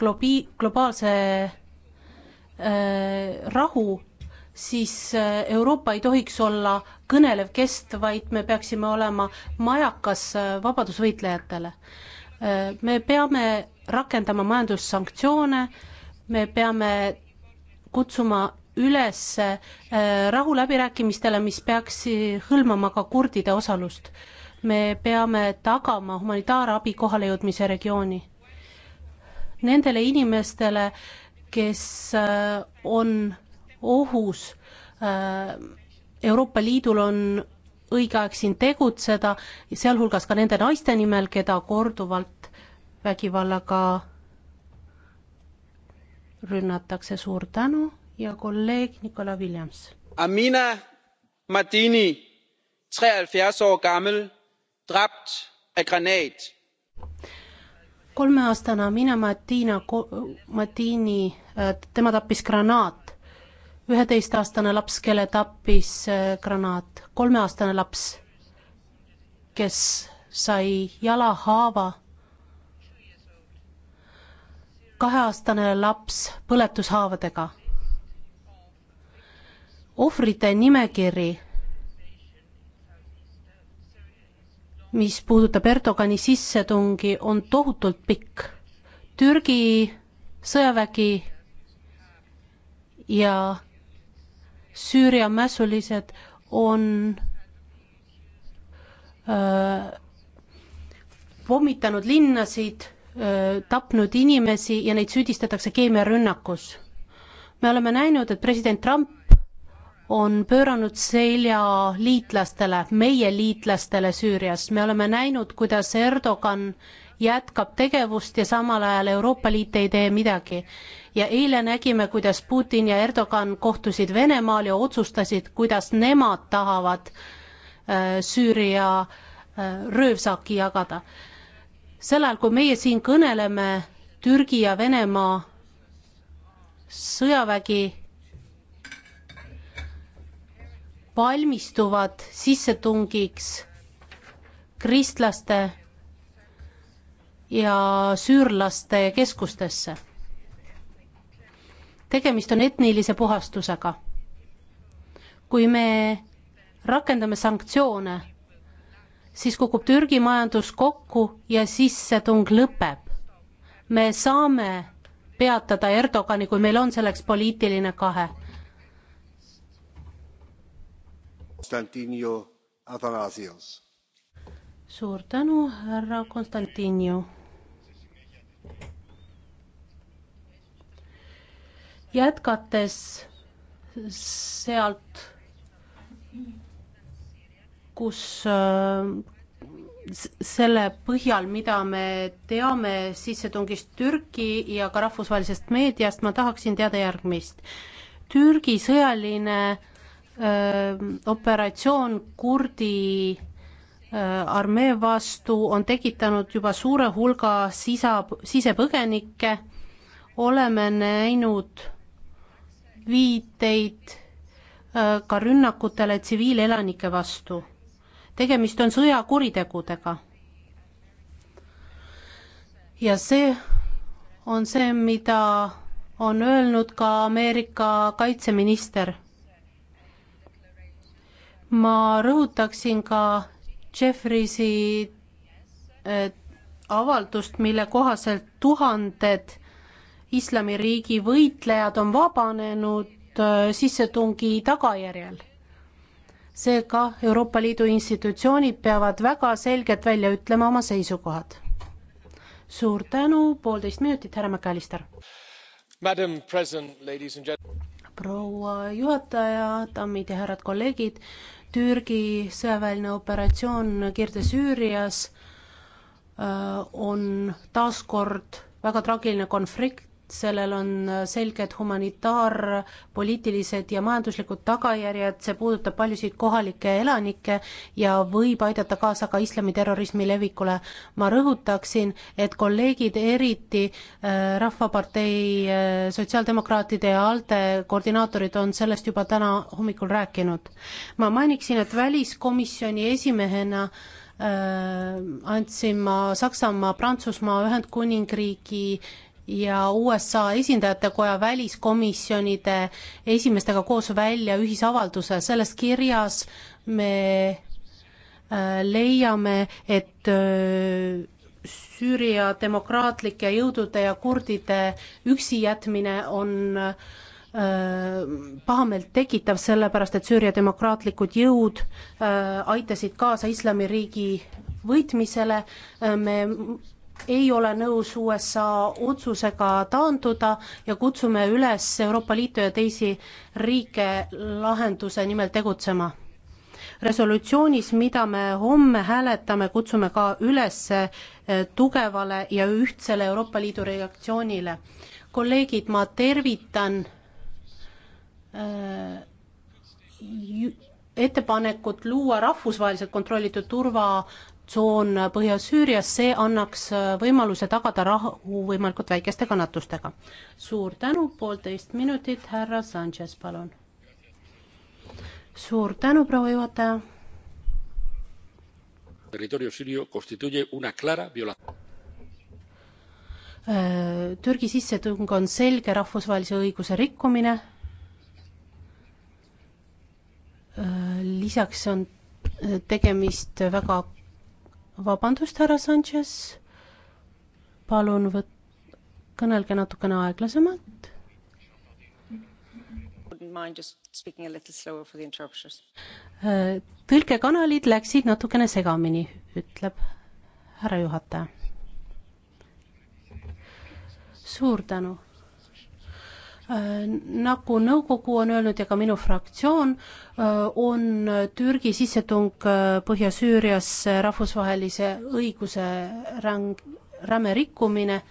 globi-, globaalse äh, rahu, siis äh, Euroopa ei tohiks olla kõnelev kest, vaid me peaksime olema majakas äh, vabadusvõitlejatele. Äh, me peame rakendama majandussanktsioone, me peame kutsuma üles rahuläbirääkimistele, mis peaks hõlmama ka kurdide osalust me peame tagama humanitaarabi kohalejõudmise regiooni. Nendele inimestele, kes äh, on ohus, äh, Euroopa Liidul on õige aeg siin tegutseda, sealhulgas ka nende naiste nimel, keda korduvalt vägivallaga rünnatakse, suur tänu ja kolleeg Nicolas Williams. Amina Madini, kolmkümmend seitse aastat vana kolmeaastane Amina Martina, Martini, äh, tema tappis granaat. üheteistaastane laps, kelle tappis äh, granaat, kolmeaastane laps, kes sai jalahaava. kaheaastane laps põletushaavadega. ohvrite nimekiri mis puudutab Erdogani sissetungi, on tohutult pikk. Türgi sõjavägi ja Süüria mässulised on öö, pommitanud linnasid, tapnud inimesi ja neid süüdistatakse keemiarünnakus. me oleme näinud, et president Trump on pööranud selja liitlastele, meie liitlastele Süürias, me oleme näinud, kuidas Erdogan jätkab tegevust ja samal ajal Euroopa Liit ei tee midagi. ja eile nägime, kuidas Putin ja Erdogan kohtusid Venemaal ja otsustasid, kuidas nemad tahavad äh, Süüria äh, röövsaki jagada. sel ajal, kui meie siin kõneleme, Türgi ja Venemaa sõjavägi valmistuvad sissetungiks kristlaste ja süürlaste keskustesse. tegemist on etnilise puhastusega. kui me rakendame sanktsioone, siis kukub Türgi majandus kokku ja sissetung lõpeb. me saame peatada Erdogani, kui meil on selleks poliitiline kahe Konstantinio Athanasios. suur tänu, härra Konstantinio. jätkates sealt, kus selle põhjal, mida me teame sissetungist Türgi ja ka rahvusvahelisest meediast, ma tahaksin teada järgmist. Türgi sõjaline operatsioon kurdi armee vastu on tekitanud juba suure hulga sisa, sisepõgenikke, oleme näinud viiteid ka rünnakutele tsiviilelanike vastu. tegemist on sõjakuritegudega. ja see on see, mida on öelnud ka Ameerika kaitseminister ma rõhutaksin ka Jeffreysi avaldust, mille kohaselt tuhanded islamiriigi võitlejad on vabanenud äh, sissetungi tagajärjel. seega Euroopa Liidu institutsioonid peavad väga selgelt välja ütlema oma seisukohad. suur tänu, poolteist minutit, härra McAllister. proua juhataja, daamid ja härrad kolleegid, Türgi sõjaväeline operatsioon Kirde-Süürias äh, on taas kord väga traagiline konflikt, sellel on selged humanitaar, poliitilised ja majanduslikud tagajärjed, see puudutab paljusid kohalikke elanikke ja võib aidata kaasa ka islamiterrorismi levikule. ma rõhutaksin, et kolleegid, eriti äh, Rahvapartei äh, Sotsiaaldemokraatide ja ALDE koordinaatorid on sellest juba täna hommikul rääkinud. ma mainiksin, et väliskomisjoni esimehena äh, andsin ma Saksamaa, Prantsusmaa, Ühendkuningriigi äh, ja USA esindajatekoja väliskomisjonide esimeestega koos välja ühisavalduse, selles kirjas me äh, leiame, et äh, Süüria demokraatlike jõudude ja kurdide üksijätmine on äh, pahameelt tekitav, sellepärast et Süüria demokraatlikud jõud aitasid kaasa islamiriigi võitmisele, me ei ole nõus USA otsusega taanduda ja kutsume üles Euroopa Liitu ja teisi riike lahenduse nimel tegutsema. resolutsioonis, mida me homme hääletame, kutsume ka üles eh, tugevale ja ühtsele Euroopa Liidu reaktsioonile. kolleegid, ma tervitan äh, ettepanekut luua rahvusvaheliselt kontrollitud turva tsoon Põhja-Süürias, see annaks äh, võimaluse tagada rahu võimalikult väikeste kannatustega. suur tänu, poolteist minutit, härra Sanchez, palun. suur tänu, proua juhataja. territorio sirio constituye una clara viola-. Äh, Türgi sissetung on selge rahvusvahelise õiguse rikkumine. Äh, lisaks on tegemist väga vabandust, härra Sanchez, palun võt-, kõnelge natukene aeglasemalt. Äh, tõlkekanalid läksid natukene segamini, ütleb härra juhataja. suur tänu Äh, nagu nõukogu on öelnud ja ka minu fraktsioon, äh, on Türgi sissetung äh, Põhja-Süüriasse rahvusvahelise õiguse ränk, räme rikkumine.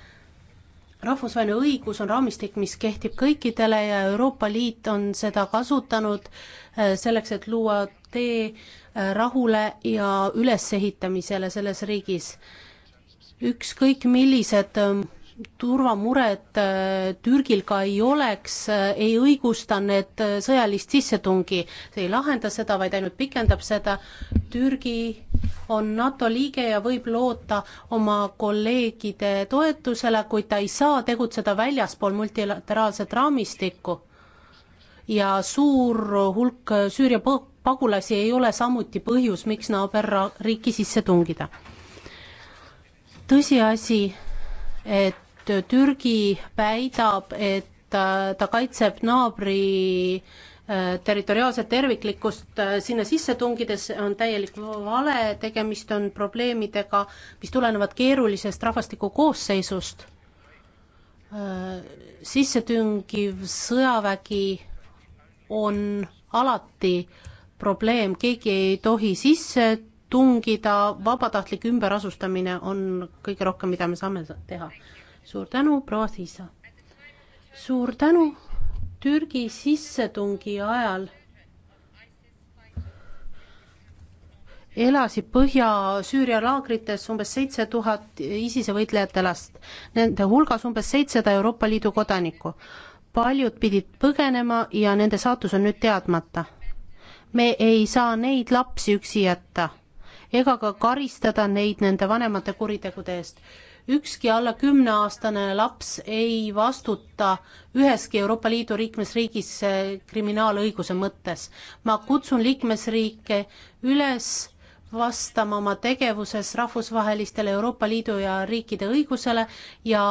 rahvusvaheline õigus on raamistik, mis kehtib kõikidele ja Euroopa Liit on seda kasutanud selleks, et luua tee rahule ja ülesehitamisele selles riigis. ükskõik millised ähm, turvamuret äh, Türgil ka ei oleks, äh, ei õigusta need äh, sõjalist sissetungi. see ei lahenda seda, vaid ainult pikendab seda. Türgi on NATO liige ja võib loota oma kolleegide toetusele, kuid ta ei saa tegutseda väljaspool multilateraalset raamistikku. ja suur hulk Süüria pagulasi ei ole samuti põhjus, miks naaberriiki sisse tungida. tõsiasi, et et Türgi väidab, et äh, ta kaitseb naabri äh, territoriaalset terviklikkust äh, sinna sisse tungides on täielik vale, tegemist on probleemidega, mis tulenevad keerulisest rahvastiku koosseisust. sissetüngiv sõjavägi on alati probleem, keegi ei tohi sisse tungida, vabatahtlik ümberasustamine on kõige rohkem, mida me saame teha suur tänu, proua Tiisa. suur tänu, Türgi sissetungi ajal elasid Põhja-Süüria laagrites umbes seitse tuhat ISISe võitlejate last, nende hulgas umbes seitsesada Euroopa Liidu kodanikku. paljud pidid põgenema ja nende saatus on nüüd teadmata. me ei saa neid lapsi üksi jätta ega ka karistada neid nende vanemate kuritegude eest ükski alla kümneaastane laps ei vastuta üheski Euroopa Liidu liikmesriigis eh, kriminaalõiguse mõttes. ma kutsun liikmesriike üles vastama oma tegevuses rahvusvahelistele Euroopa Liidu ja riikide õigusele ja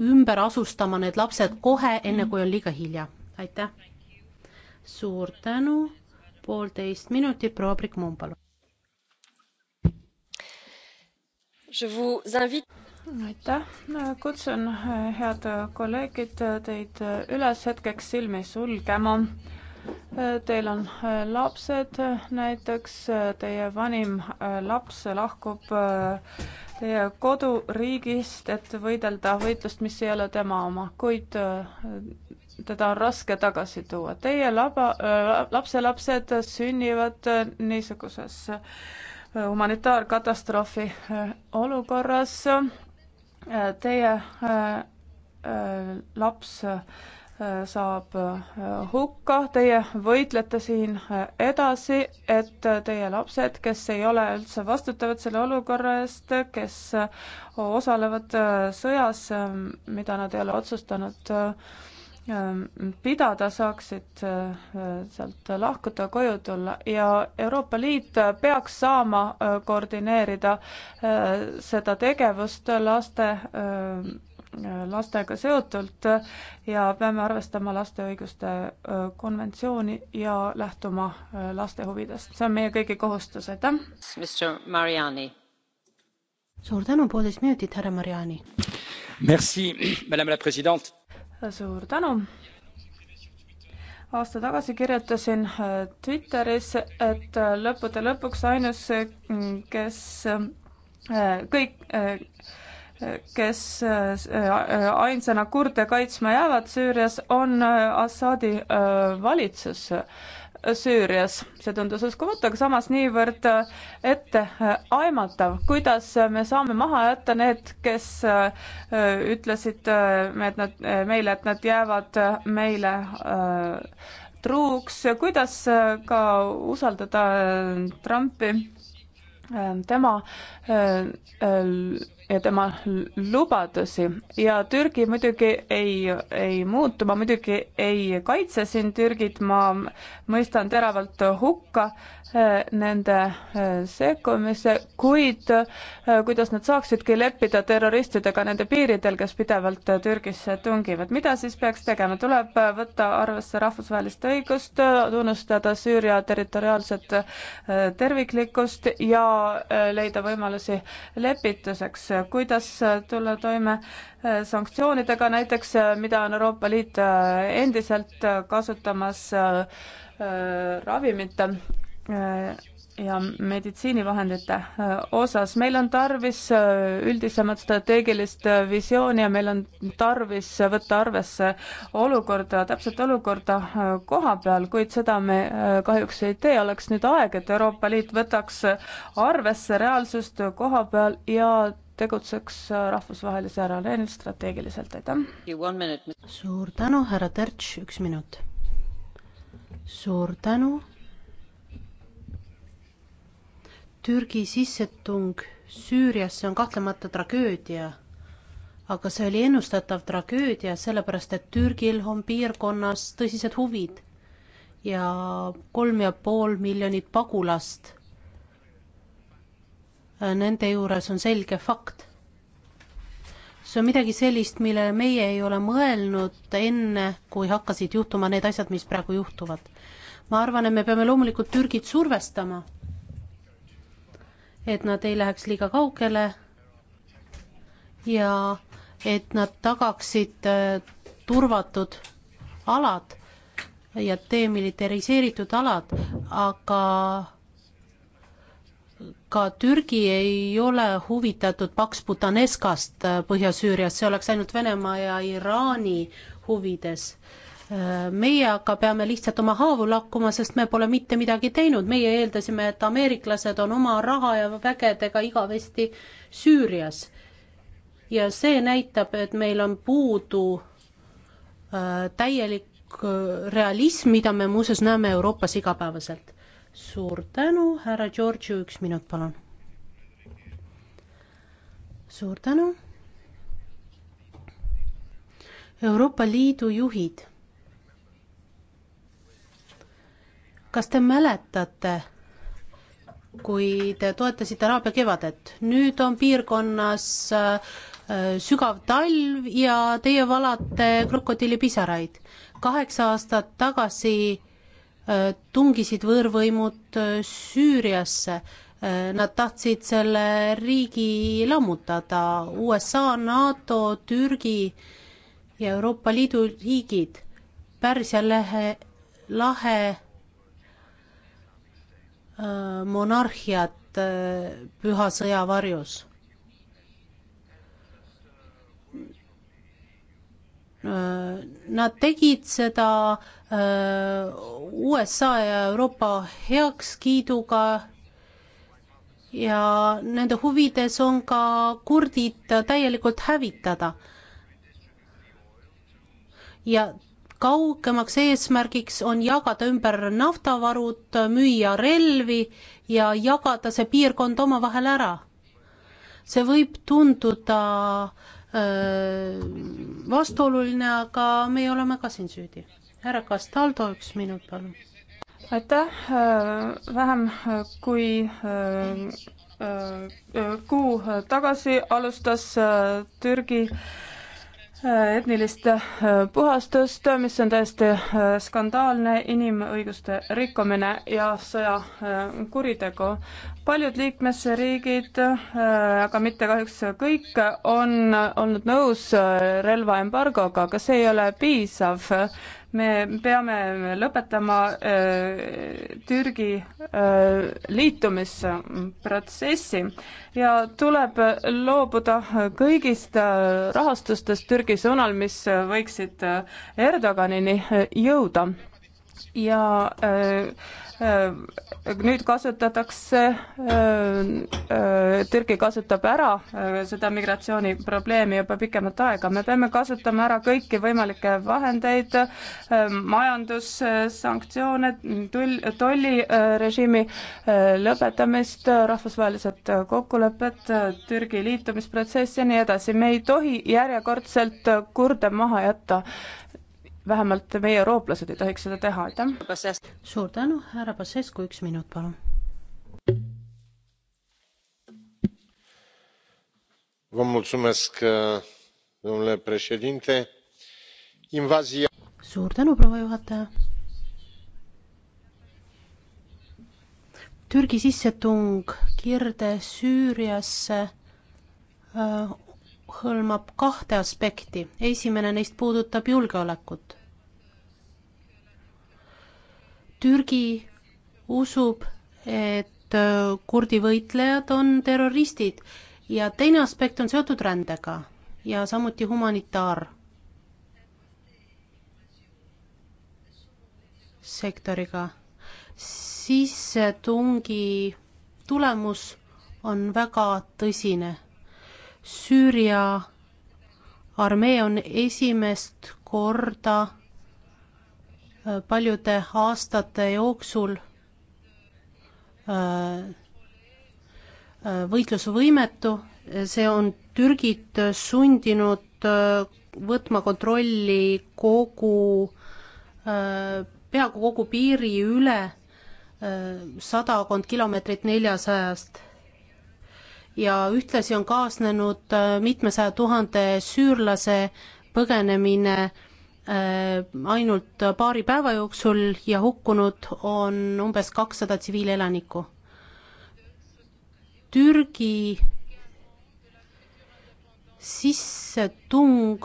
ümber asustama need lapsed kohe, enne kui on liiga hilja. aitäh! suur tänu, poolteist minutit, proua Prikmoon, palun! aitäh, kutsun äh, head kolleegid äh, teid äh, üles hetkeks silmi sulgema. Teil on lapsed, näiteks teie vanim laps lahkub teie koduriigist, et võidelda võitlust, mis ei ole tema oma, kuid teda on raske tagasi tuua. Teie laba, lapselapsed sünnivad niisuguses äh, humanitaarkatastroofi äh, olukorras. Äh, teie äh, laps saab hukka, teie võitlete siin edasi, et teie lapsed, kes ei ole üldse vastutavad selle olukorra eest, kes osalevad sõjas, mida nad ei ole otsustanud Ehm, pidada, saaksid eh, sealt lahkuda, koju tulla ja Euroopa Liit peaks saama eh, koordineerida eh, seda tegevust laste, lastega seotult ja peame arvestama laste õiguste konventsiooni ja lähtuma laste huvidest. see on meie kõigi kohustus, aitäh! suur tänu, poolteist minutit, härra Mariani! Merci, madame la president suur tänu. aasta tagasi kirjutasin äh, Twitteris, et äh, lõppude lõpuks ainus, äh, kes kõik, kes ainsana kurde kaitsma jäävad Süürias, on Assaadi valitsus Süürias. see tundus uskumatu, aga samas niivõrd äh, etteaimatav, äh, kuidas äh, me saame maha jätta need, kes ütlesid et nad, meile, et nad jäävad meile truuks, kuidas ka usaldada Trumpi tema tema lubadusi ja Türgi muidugi ei, ei muutu, ma muidugi ei kaitse siin Türgit, ma mõistan teravalt hukka äh, nende äh, sekkumise, kuid äh, kuidas nad saaksidki leppida terroristidega nende piiridel, kes pidevalt Türgisse tungivad, mida siis peaks tegema, tuleb võtta arvesse rahvusvahelist õigust, tunnustada Süüria territoriaalset terviklikkust ja leida võimalusi lepituseks kuidas tulla toime äh, sanktsioonidega näiteks, äh, mida on Euroopa Liit äh, endiselt kasutamas ravimite ja meditsiinivahendite osas. meil on tarvis üldisemat strateegilist visiooni ja meil on tarvis võtta arvesse olukorda, täpset olukorda koha peal, kuid seda me kahjuks ei tee. oleks nüüd aeg, et Euroopa Liit võtaks arvesse reaalsust koha peal ja tegutseks äh, rahvusvahelise järelevalve strateegiliselt, aitäh! suur tänu, härra Terts, üks minut. suur tänu. Türgi sissetung Süüriasse on kahtlemata tragöödia, aga see oli ennustatav tragöödia, sellepärast et Türgil on piirkonnas tõsised huvid ja kolm ja pool miljonit pagulast Äh, nende juures on selge fakt. see on midagi sellist, millele meie ei ole mõelnud enne, kui hakkasid juhtuma need asjad, mis praegu juhtuvad. ma arvan, et me peame loomulikult Türgit survestama, et nad ei läheks liiga kaugele ja et nad tagaksid äh, turvatud alad ja demilitariseeritud alad, aga ka Türgi ei ole huvitatud Pax Butaneskast äh, Põhja-Süürias, see oleks ainult Venemaa ja Iraani huvides. Äh, meie aga peame lihtsalt oma haavu lakkuma, sest me pole mitte midagi teinud, meie eeldasime, et ameeriklased on oma raha ja vägedega igavesti Süürias. ja see näitab, et meil on puudu äh, täielik realism, mida me muuseas näeme Euroopas igapäevaselt suur tänu, härra Georgiou, üks minut, palun. suur tänu. Euroopa Liidu juhid. kas te mäletate, kui te toetasite Araabia kevadet, nüüd on piirkonnas äh, sügav talv ja teie valate krokodillipisaraid. kaheksa aastat tagasi Äh, tungisid võõrvõimud äh, Süüriasse. Äh, nad tahtsid selle riigi lammutada, USA, NATO, Türgi ja Euroopa Liidu riigid. Pärsia lehe, lahe monarhiat püha sõja varjus Äh, nad tegid seda äh, USA ja Euroopa heakskiiduga ja nende huvides on ka kurdid täielikult hävitada. ja kaugemaks eesmärgiks on jagada ümber naftavarud, müüa relvi ja jagada see piirkond omavahel ära. see võib tunduda äh, Äh, vastuoluline, aga meie oleme ka siin süüdi. härra Castaldo, üks minut, palun. aitäh, äh, vähem äh, kui kuu tagasi alustas Türgi Äh, etnilist äh, puhastust, mis on täiesti äh, skandaalne inimõiguste rikkumine ja sõjakuritegu. paljud liikmesriigid, aga mitte kahjuks kõik, on olnud nõus relvaembargoga, aga see ei ole piisav me peame lõpetama äh, Türgi äh, liitumisprotsessi ja tuleb loobuda kõigist äh, rahastustest Türgi suunal, mis võiksid Erdoganini jõuda ja äh, Äh, nüüd kasutatakse, äh, äh, Türgi kasutab ära seda migratsiooniprobleemi juba pikemat aega, me peame kasutama ära kõiki võimalikke vahendeid, majandussanktsioone, tull, tollirežiimi lõpetamist, rahvusvahelised kokkulepped, Türgi liitumisprotsess ja nii edasi, me ei tohi järjekordselt kurde maha jätta vähemalt meie, eurooplased, ei tohiks seda teha, aitäh. suur tänu, härra Basescu, üks minut, palun. domnule președinte invazia. suur tänu, proua juhataja. Türgi sissetung Kirde Süüriasse äh, hõlmab kahte aspekti. esimene neist puudutab julgeolekut. Türgi usub, et äh, kurdi võitlejad on terroristid ja teine aspekt on seotud rändega ja samuti humanitaarsektoriga. sissetungi tulemus on väga tõsine. Süüria armee on esimest korda paljude aastate jooksul äh, äh, võitlusvõimetu, see on Türgit sundinud äh, võtma kontrolli kogu, peaaegu kogu piiri üle, sadakond kilomeetrit neljasajast. ja ühtlasi on kaasnenud mitmesaja tuhande süürlase põgenemine Äh, ainult paari päeva jooksul ja hukkunud on umbes kakssada tsiviilelanikku. Türgi sissetung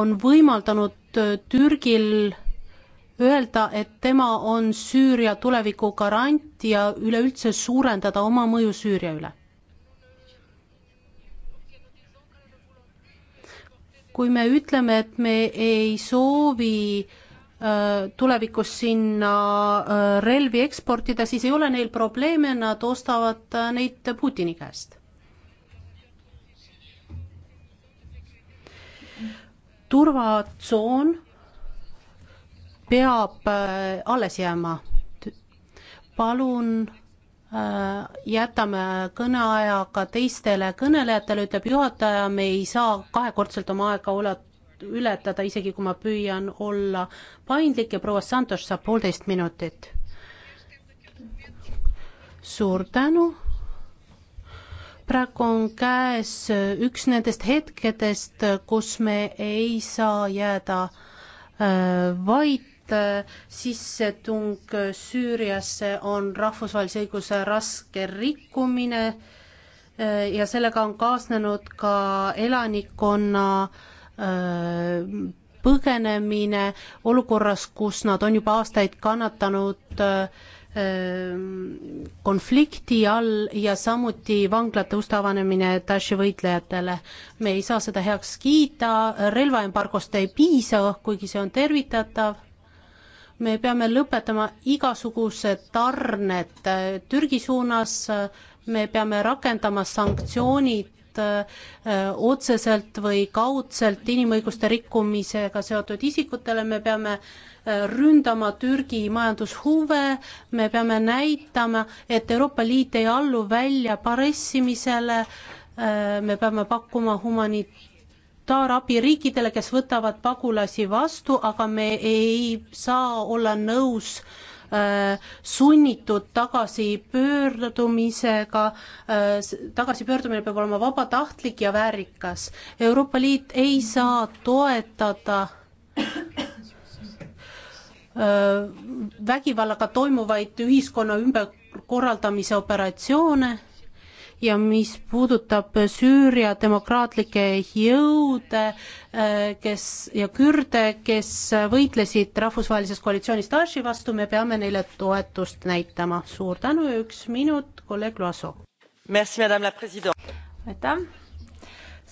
on võimaldanud Türgil öelda, et tema on Süüria tuleviku garant ja üleüldse suurendada oma mõju Süüria üle kui me ütleme, et me ei soovi äh, tulevikus sinna äh, relvi eksportida, siis ei ole neil probleeme, nad ostavad äh, neid Putini käest. turvatsoon peab alles jääma. palun Äh, jätame kõneaja ka teistele kõnelejatele, ütleb juhataja, me ei saa kahekordselt oma aega ulat-, ületada, isegi kui ma püüan olla paindlik ja proua Santos saab poolteist minutit. suur tänu. praegu on käes üks nendest hetkedest, kus me ei saa jääda äh, vait, Äh, sissetung äh, Süüriasse on rahvusvahelise õiguse raske rikkumine äh, ja sellega on kaasnenud ka elanikkonna põgenemine olukorras, kus nad on juba aastaid kannatanud konflikti all ja samuti vanglate uste avanemine Daeshi võitlejatele. me ei saa seda heaks kiita, relvaembargost ei piisa, kuigi see on tervitatav me peame lõpetama igasugused tarned äh, Türgi suunas, äh, me peame rakendama sanktsioonid öö, äh, otseselt või kaudselt inimõiguste rikkumisega seotud isikutele, me peame ründama Türgi majandushuve, me peame näitama, et Euroopa Liit ei allu välja paressimisele, me peame pakkuma humanit-, humanitaarabi riikidele, kes võtavad pagulasi vastu, aga me ei saa olla nõus äh, sunnitud tagasipöördumisega äh,, tagasipöördumine peab olema vabatahtlik ja väärikas. Euroopa Liit ei saa toetada äh, vägivallaga toimuvaid ühiskonna ümberkorraldamise operatsioone ja mis puudutab Süüria demokraatlikke jõude, äh, kes ja kürde, kes võitlesid rahvusvahelises koalitsioonis Daeshi vastu, me peame neile toetust näitama. suur tänu ja üks minut, kolleeg Loaso. aitäh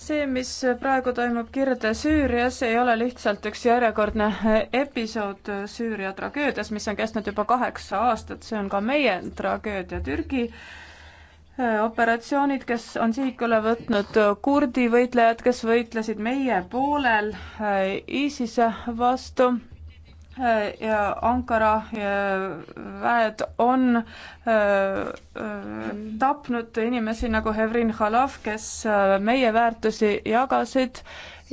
see, mis praegu toimub Kirde-Süürias, ei ole lihtsalt üks järjekordne episood Süüria tragöödias, mis on kestnud juba kaheksa aastat, see on ka meie tragöödia. Türgi äh, Äh, operatsioonid, kes on sihikule võtnud äh, kurdi võitlejad, kes võitlesid meie poolel äh, ISISe vastu ja Ankara väed on tapnud inimesi nagu Hevrin Halav, kes meie väärtusi jagasid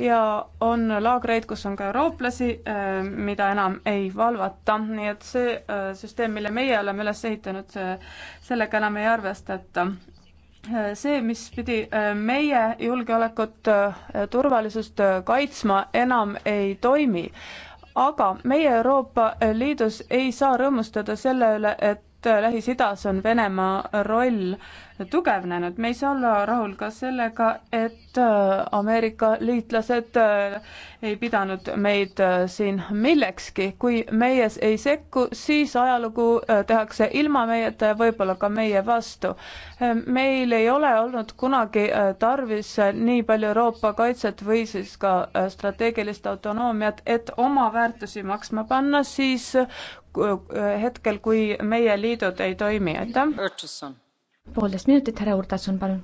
ja on laagreid, kus on ka eurooplasi, äh, mida enam ei valvata, nii et see äh, süsteem, mille meie oleme üles ehitanud, sellega enam ei arvestata äh, see, mis pidi meie julgeolekut, turvalisust kaitsma, enam ei toimi. aga meie Euroopa Liidus ei saa rõõmustada selle üle, et et Lähis-Idas on Venemaa roll tugevnenud. me ei saa olla rahul ka sellega, et äh, Ameerika liitlased äh, ei pidanud meid äh, siin millekski. kui meie ei sekku, siis ajalugu tehakse ilma meieta ja võib-olla ka meie vastu. meil ei ole olnud kunagi tarvis nii palju Euroopa kaitset või siis ka strateegilist autonoomiat, et oma väärtusi maksma panna siis, hetkel, kui meie liidud ei toimi, aitäh. poolteist minutit, härra Urtasun, palun